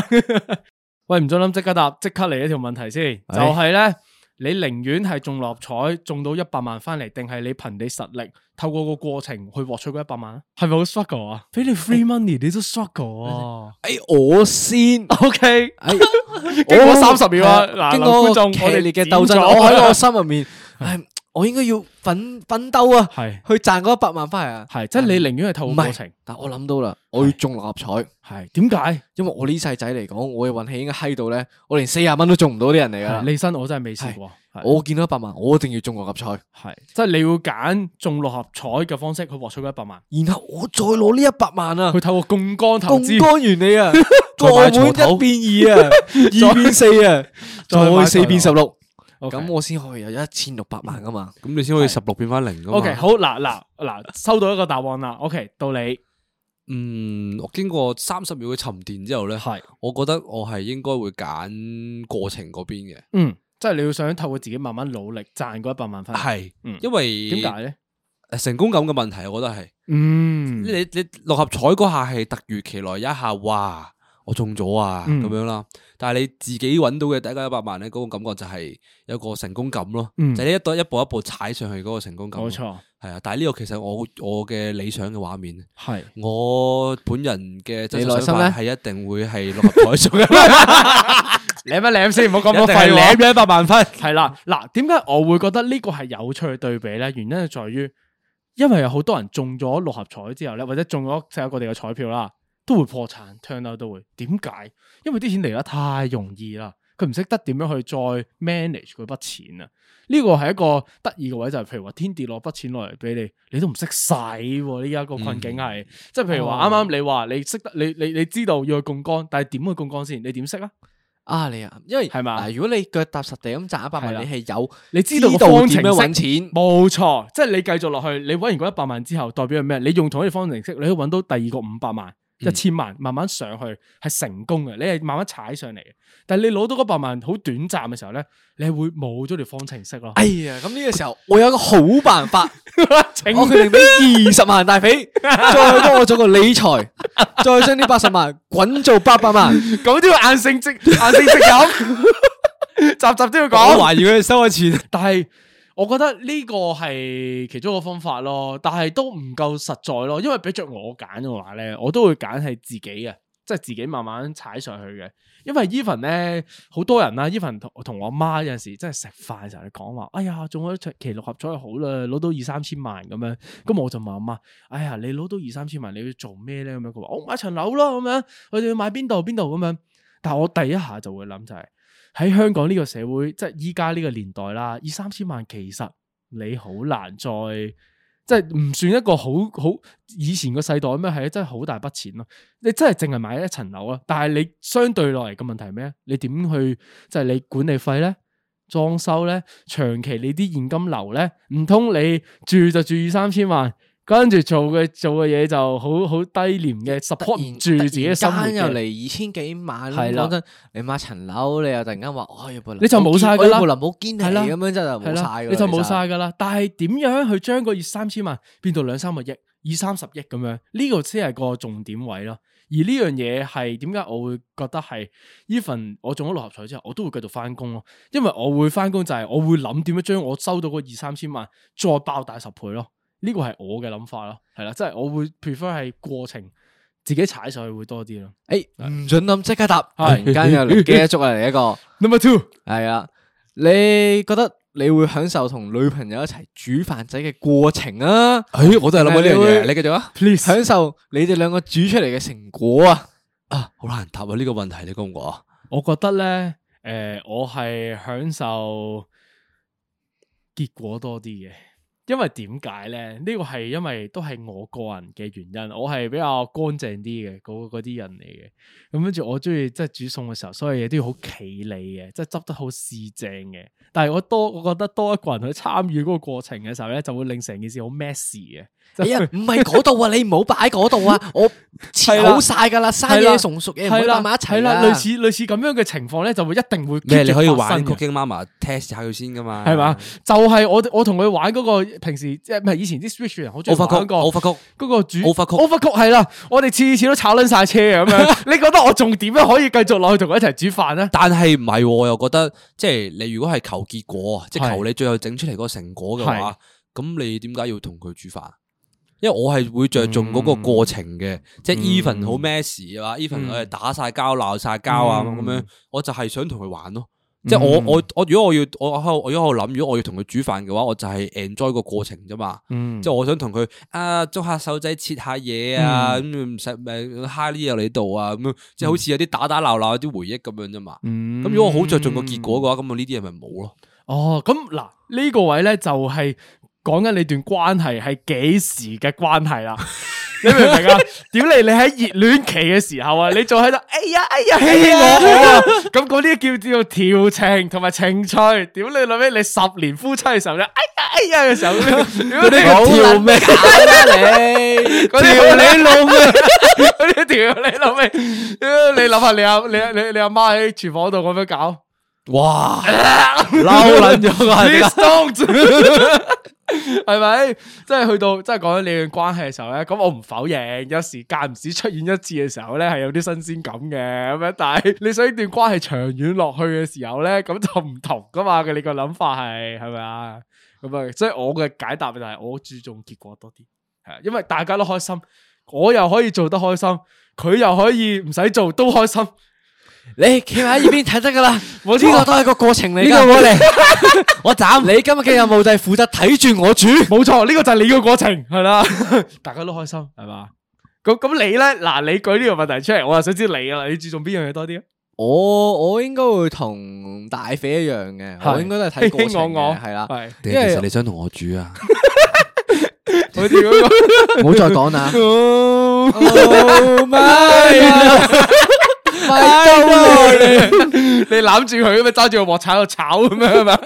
喂，唔准諗，即刻答，即刻嚟一條問題先，就係、是、咧。你寧願係中六合彩中到一百萬翻嚟，定係你憑你實力透過個過程去獲取嗰一百萬？係咪好 struggle 啊？俾你 free money，、欸、你都 struggle 啊？哎、欸欸，我先，OK，、欸、 經過三十秒啊，欸、觀經過劇烈嘅鬥爭，我喺 我,我心入面，哎。 我應該要奮奮鬥啊，去賺嗰一百萬翻嚟啊！係，即係你寧願係透過過程，但我諗到啦，我要中六合彩，係點解？因為我呢世仔嚟講，我嘅運氣應該嗨到咧，我連四十蚊都中唔到啲人嚟噶。李生，我真係未試過。我見到一百萬，我一定要中六合彩。係，即係你要揀中六合彩嘅方式去獲取嗰一百萬，然後我再攞呢一百萬啊，去透過槓杆投資，槓杆完你啊，再會一變二啊，二變四啊，再四變十六。咁我先可以有一千六百萬噶嘛，咁你先可以十六變翻零噶嘛。OK，好，嗱嗱嗱，收到一個答案啦。OK，到你，嗯，我經過三十秒嘅沉澱之後咧，係，我覺得我係應該會揀過程嗰邊嘅。嗯，即係你要想透過自己慢慢努力賺嗰一百萬翻，係，因為點解咧？成功感嘅問題，我覺得係，嗯，你你六合彩嗰下係突如其來一下話。哇我中咗啊，咁、嗯、樣啦，但係你自己揾到嘅第一個一百萬咧，嗰、那個感覺就係有一個成功感咯，嗯、就係你一步一步踩上去嗰個成功感。冇錯，係啊，但係呢個其實我我嘅理想嘅畫面，係是的 我本人嘅內心咧係一定會係六合彩中嘅， 舐一舐先，唔好講咁多廢話，舐一百萬分，係啦，嗱，點解我會覺得呢個係有趣嘅對比咧？原因在於，因為有好多人中咗六合彩之後咧，或者中咗世界各地嘅彩票啦。都會破產，聽到都會。點解？因為啲錢嚟得太容易啦，佢唔識得點樣去再 manage 筆錢啊！呢個係一個得意嘅位就係、是，譬如話天跌落筆錢落嚟俾你，你都唔識使。呢個個困境係，嗯、即係譬如話啱啱你話你識得你你你知道要去槓杆，但係點去槓杆先？你點識啊？啊你啊，因為係嘛？吧如果你腳踏實地咁賺一百萬，啊、你係是有你知道個方程式，冇錯。即係你繼續落去，你搵完個一百萬之後，代表係咩？你用同一個方程式，你可以搵到第二個五百萬。一千萬慢慢上去係成功嘅，你係慢慢踩上嚟嘅。但係你攞到嗰百萬好短暫嘅時候咧，你係會冇咗條方程式咯。哎呀，咁呢個時候它我有一個好辦法， 請我決定俾二十萬大肥，再幫我做個理財，再將呢八十萬滾做八百萬，咁都要硬性直硬性直飲， 集集都要講。我懷疑佢收咗錢， 但係。我覺得呢個係其中一個方法咯，但係都唔夠實在咯，因為俾着我揀嘅話咧，我都會揀係自己嘅，即係自己慢慢踩上去嘅。因為 even 咧好多人啦，even 同同我阿媽有陣時即係食飯時候佢講話，哎呀，中咗期期六合彩好啦，攞到二三千萬咁樣。咁我就問阿媽，哎呀，你攞到二三千萬你要做咩咧？咁樣佢話我買層樓咯咁樣，佢哋要買邊度邊度咁樣。但係我第一下就會諗就係、是。喺香港呢個社會，即係依家呢個年代啦，二三千萬其實你好難再，即係唔算一個好好以前個世代咩？樣，係真係好大筆錢咯。你真係淨係買一層樓啊，但係你相對落嚟嘅問題係咩？你點去？即係你管理費咧、裝修咧、長期你啲現金流咧，唔通你住就住二三千萬？跟住做嘅做嘅嘢就好好低廉嘅 support 唔然住自己嘅，突然間又嚟二千幾萬，係啦，是的 你買層樓，你又突然間話哇，桂林，你就冇晒啦，桂林好堅氣咁你就冇晒噶啦。 但係點樣去將個二三千萬變到兩三個億、二三十億咁樣？呢，這個先係個重點位咯。而呢樣嘢係點解我會覺得係 even 我中咗六合彩之後，我都會繼續翻工咯。因為我會翻工就係、是、我會諗點樣將我收到個二三千萬再爆大十倍咯。呢個係我嘅諗法咯，係啦，即係我會 prefer 係過程自己踩上去會多啲咯。誒，唔准諗，即刻答，突然間又幾日足嚟，一個 number two，係啊，你覺得你會享受同女朋友一齊煮飯仔嘅過程啊？誒，我都係諗呢樣嘢，你繼續啊，please 享受你哋兩個煮出嚟嘅成果啊！啊，好難答啊，呢個問題你估唔估啊？我覺得咧，誒，我係享受結果多啲嘅。因為點解咧？呢個係因為都係我個人嘅原因，我係比較乾淨啲嘅，嗰嗰啲人嚟嘅。咁跟住我中意即係煮餸嘅時候，所有嘢都要好企理嘅，即係執得好四正嘅。但係我多，我覺得多一個人去參與嗰個過程嘅時候咧，就會令成件事好 messy 嘅。哎，唔係嗰度啊！你唔好擺嗰度啊！我切好晒噶啦，生嘢、鬆熟嘢唔好擺埋一齊啦。類似類似咁樣嘅情況咧，就會一定會咩？你可以玩 Cooking Mama test 下佢先噶嘛？係嘛？就係我我同佢玩嗰個，平時即係以前啲 Switch 人好中意玩嗰個 Overcook 嗰個煮 Overcook，係啦，我哋次次都炒撚晒車咁樣。你覺得我仲點可以繼續落去同佢一齊煮飯咧？但係唔係我又覺得，即係你如果係求結果，即係求你最後整出嚟個成果嘅話，咁你點解要同佢煮飯？因為我係會着重嗰個過程嘅，mm. 即係 even 好 mess 啊，even 我係打晒交，鬧晒交啊咁樣，我就係想同佢玩咯。Mm. 即係我我我，我，我如果我要我我如果我諗如果我要同佢煮飯嘅話，我就係 enjoy 個過程啫嘛。Mm. 即係我想同佢啊，捉下手仔切下嘢啊，咁唔使咪 high 啲嘢嚟到啊，咁樣即係好似有啲打打鬧鬧有啲回憶咁樣啫嘛。咁，mm. mm. 嗯、如果我好着重個結果嘅話，咁我呢啲嘢咪冇咯。哦，咁嗱呢個位咧就係。講緊你段關係係幾時嘅關係啦，啊？你明唔明啊？屌 你熱戀！你喺熱戀期嘅時候啊，你仲喺度哎呀哎呀哎呀！咁嗰啲叫叫調情同埋情趣。屌你老味，你十年夫妻嘅時候，哎呀哎呀嘅時候，嗰啲叫調咩？屌你老味！屌你老味你！屌你諗下你阿你你你阿媽喺廚房度咁樣搞。哇，撈卵咗啊！係咪？ 即係去到，即係講緊你嘅關係嘅時候咧，咁我唔否認，有時間唔時出現一次嘅時候咧，係有啲新鮮感嘅咁樣。但係你想一段關係長遠落去嘅時候咧，咁就唔同噶嘛？你個諗法係係咪啊？咁啊，即係我嘅解答就係我注重結果多啲，係因為大家都開心，我又可以做得開心，佢又可以唔使做都開心。你企埋喺呢邊睇得噶啦，我知，都係個過程嚟。呢我嚟，我斬你，今日嘅任務就係負責睇住我煮，冇錯，呢個就係你嘅過程，係啦，大家都開心，係嘛？咁咁你咧，嗱，你舉呢個問題出嚟，我就想知你啦，你注重邊樣嘢多啲？我我應該會同大肥一樣嘅，我應該都係睇過程嘅，係啦，其實你想同我煮啊？我哋嗰個，唔好再講啦。快啲！My 你攬住佢咁啊，揸住個鑊鏟喺度炒咁樣係嘛？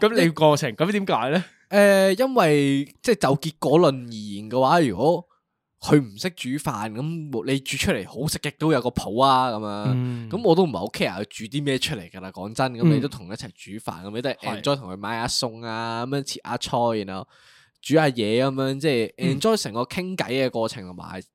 咁 你過程咁點解咧？誒、呃，因為即係就結果論而言嘅話，如果佢唔識煮飯咁，你煮出嚟好食極都有個譜啊咁啊。咁、嗯、我都唔係好 care 佢煮啲咩出嚟噶啦。講真，咁你都同佢一齊煮飯咁，嗯、你都係 enjoy 同佢買下餸啊，咁樣切下菜，然後，然後煮下嘢咁樣，即係 enjoy 成個傾偈嘅過程同埋。有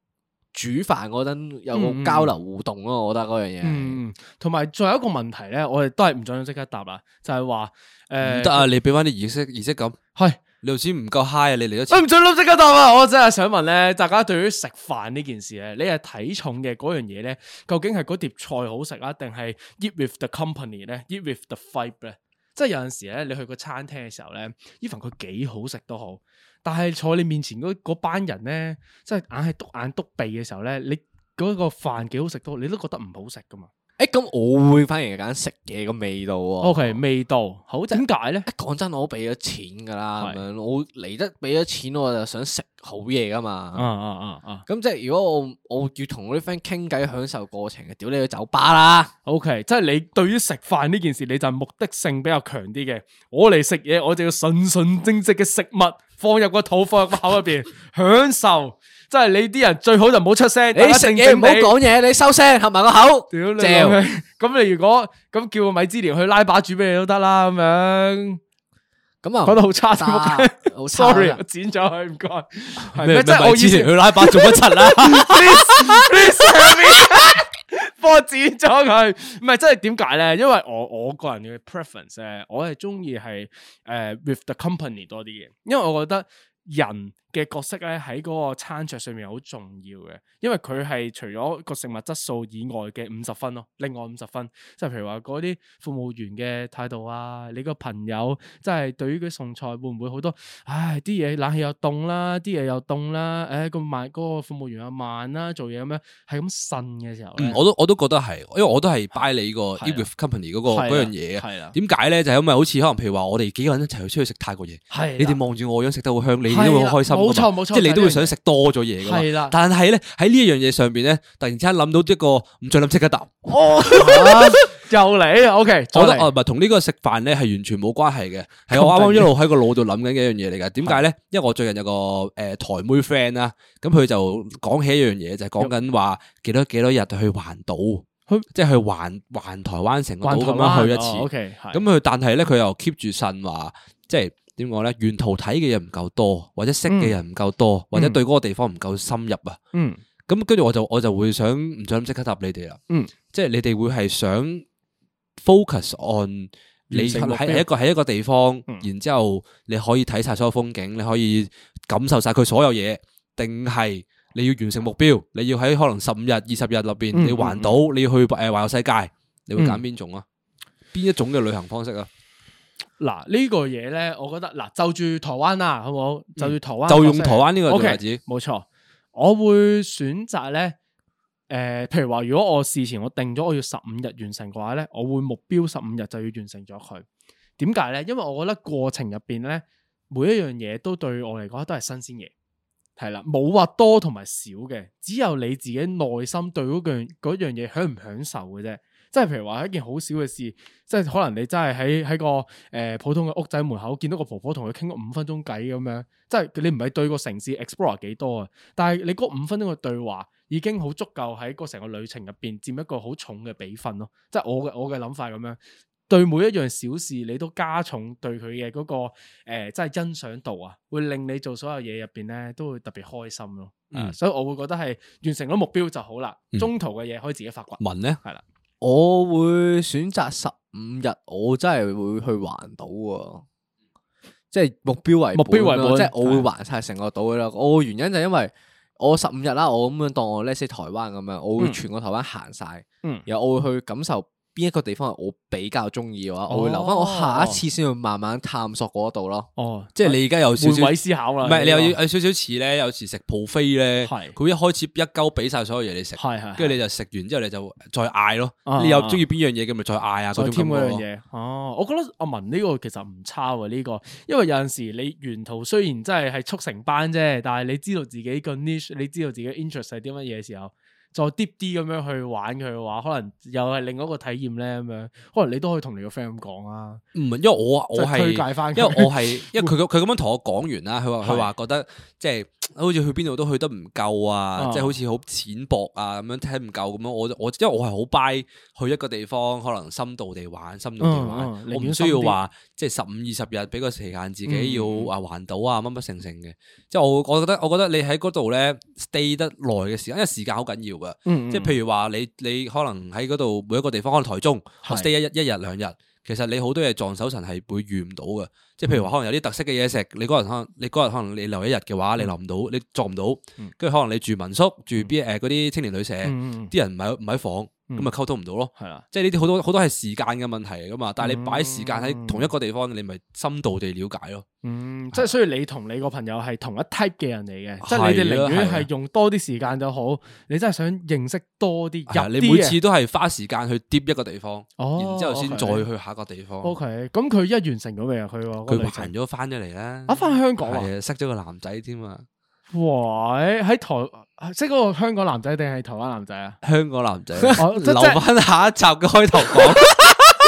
煮飯嗰陣有冇交流互動咯、啊，嗯，我覺得嗰樣嘢。嗯，同埋最後一個問題咧，我哋都係唔想即刻答啦，就係、是、話，誒、呃，得啊，你俾翻啲儀式儀式感，係是，你頭先唔夠嗨啊，你嚟多次，我唔想立即答啊，我真係想問咧，大家對於食飯呢件事咧，你係睇重嘅嗰樣嘢咧，究竟係嗰碟菜好食啊，定係 eat with the company 咧、e、，eat with the vibe 咧？即係有陣時咧，你去個餐廳嘅時候咧，even 佢幾好食都好。但係坐你面前嗰班人咧，即係硬係篤眼篤鼻嘅時候咧，你嗰個飯幾好食都，你都覺得唔好食噶嘛？誒、欸，咁我會反而揀食嘢嘅味道。O K，味道好。點解咧？講真，我俾咗錢噶啦，是咁樣，我嚟得俾咗錢，我就想食好嘢噶嘛。啊啊啊啊！咁即係如果我我要同我啲 friend 傾偈，享受過程嘅，屌你去酒吧啦。O K，即係你對於食飯呢件事，你就係目的性比較強啲嘅。我嚟食嘢，我就要純純正正嘅食物。 放入個肚，放入個口入邊，享受。即係你啲人最好就唔好出聲，你食嘢唔好講嘢，你收聲，合埋個口。就咁你如果咁叫米芝蓮去拉把煮俾你都得啦，咁樣。咁啊，講得好差嘅，好 sorry，剪咗佢唔該。咩米芝蓮去拉把做乜柒啦？發展咗佢，唔係， 即係點解咧？因為我我個人嘅 preference 咧，我係中意係誒 with the company 多啲嘅，因為我覺得。人嘅角色咧喺嗰個餐桌上面好重要嘅，因為佢係除咗個食物質素以外嘅五十分咯，另外五十分，即係譬如話嗰啲服務員嘅態度啊，你個朋友即係對於佢送菜會唔會好多？唉，啲嘢冷氣又凍啦，啲嘢又凍啦，唉咁慢個服務員又慢啦，做嘢咁樣係咁呻嘅時候。嗯，我都我都覺得係，因為我都係 buy 你個 Eagle Company 的、嗰個的樣嘢係啊，點解咧？就係、因為好似可能譬如話我哋幾個人一齊去出去食泰國嘢，係你哋望住我樣食得好香，你。你都會好開心，即係你都會想食多咗嘢是的。係啦，但係咧喺呢一樣嘢上邊咧，突然之間諗到一個唔再諗，即刻答。哦，又嚟 OK。我覺得哦，唔係同呢個食飯咧係完全冇關係嘅，係我啱啱一路喺個腦度諗緊一樣嘢嚟嘅。點解咧？ 因為我最近有個誒、呃、台妹 friend 啦，咁佢就講起一樣嘢，就係講緊話幾多幾多日去環島， 即係去環環台灣成個島咁樣去一次。哦、OK，咁佢、嗯、但係咧佢又 keep 住信話，即係。點講咧？沿途睇嘅嘢唔夠多，或者識嘅人唔夠多，嗯、或者對嗰個地方唔夠深入啊。嗯，咁跟住我就我就會想唔想即刻答你哋啦。嗯，即係你哋會係想 focus on 你喺一個喺一,一個地方，然之後你可以睇晒所有風景，嗯、你可以感受晒佢所有嘢，定係你要完成目標，你要喺可能十五日、二十日入邊，你環島，你要去誒環遊世界，你會揀邊種啊？邊、嗯嗯、一種嘅旅行方式啊？嗱、這個、呢個嘢咧，我覺得嗱就住台灣啦，好唔好？就住台灣、嗯、說就用台灣呢個例子，冇錯、okay。我會選擇咧，誒、呃，譬如話如果我事前我定咗我要十五日完成嘅話咧，我會目標十五日就要完成咗佢。點解咧？因為我覺得過程入邊咧，每一樣嘢都對我嚟講都係新鮮嘢，係啦，冇話多同埋少嘅，只有你自己內心對嗰樣嗰樣嘢享唔享受嘅啫。即係譬如話一件好小嘅事，即係可能你真係喺喺個誒、呃、普通嘅屋仔門口見到個婆婆同佢傾個五分鐘偈咁樣，即係你唔係對個城市 explore 幾多啊，但係你嗰五分鐘嘅對話已經好足夠喺個成個旅程入邊佔一個好重嘅比分咯。即係我嘅我嘅諗法咁樣，對每一樣小事你都加重對佢嘅嗰個誒、即、呃、係欣賞度啊，會令你做所有嘢入邊咧都會特別開心咯。嗯、所以我會覺得係完成咗目標就好啦，中途嘅嘢可以自己發掘。嗯、文咧係啦。我會選擇十五日，我真係會去環島喎，即係目標為目標為本，目標為本即係我會環晒成個島㗎啦。對我個原因就係因為我十五日啦，我咁樣當我呢次台灣咁樣，我會全個台灣行晒，嗯、然後我會去感受。一個地方係我比較中意嘅話，我會留翻，我下一次先去慢慢探索嗰度咯。哦，即係你而家有少少換位思考啦。唔係，你又要有少少似咧，有時食 buffet 咧，佢一開始一鳩俾晒所有嘢你食，係係，跟住你就食完之後你就再嗌咯。你又中意邊樣嘢嘅咪再嗌啊嗰種咁樣嘢。哦，我覺得阿文呢個其實唔差呢個，因為有陣時你沿途雖然真係係速成班啫，但係你知道自己個 niche，你知道自己 interest 係啲乜嘢嘅時候。再 deep 啲咁樣去玩佢嘅話，可能又係另一個體驗咧咁樣。可能你都可以同你個 friend 咁講啊。唔係、嗯啊，因為我啊，即係推介翻。因為我係，因為佢佢咁樣同我講完啦。佢話佢話覺得即係好似去邊度都去得唔夠啊，即係好似好淺薄啊咁樣，聽唔夠咁樣。我我因為我係好 buy 去一個地方，可能深度地玩，深度地玩。嗯、我唔需要話、嗯、即係十五二十日俾個時間自己要啊環島啊乜乜剩剩嘅。即係我我覺得我覺得你喺嗰度咧 stay 得耐嘅時間，因為時間好緊要。.嗯嗯即係譬如話你你可能喺嗰度每一個地方，可能台中我 stay 是的 一一日兩日，其實你好多嘢撞手神係會遇唔到嘅。即係譬如話可能有啲特色嘅嘢食，你嗰日可能你嗰日可能你留一日嘅話，你留唔到，你撞唔到，跟住、嗯、可能你住民宿住邊誒啲青年旅社，啲、嗯嗯、人唔喺唔喺房。咁咪溝通唔到咯，係啦，即係呢啲好多好多係時間嘅問題㗎嘛。但係你擺時間喺同一個地方，你咪深度地了解咯。嗯，即係所以你同你個朋友係同一 type 嘅人嚟嘅，即係你哋寧願係用多啲時間就好。你真係想認識多啲人，你每次都係花時間去深入一個地方，然之後先再去下一個地方。OK，咁佢一完成咗未啊？佢佢完成咗翻咗嚟啦。啊，翻香港嚟，識咗個男仔添啊！喂，喺台，即係嗰個香港男仔定係台灣男仔啊？香港男仔， 留返下一集嘅開頭講。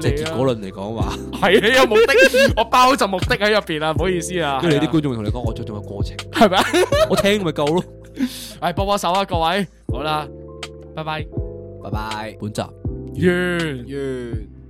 即結果論嚟講話，係你有目的，我包就目的喺入邊啊！唔好意思啊。跟住你啲觀眾同你講，我最中意過程，係咪啊？我聽咪夠咯。唉，幫幫手啊！各位，好啦，拜拜，拜拜。本集完完。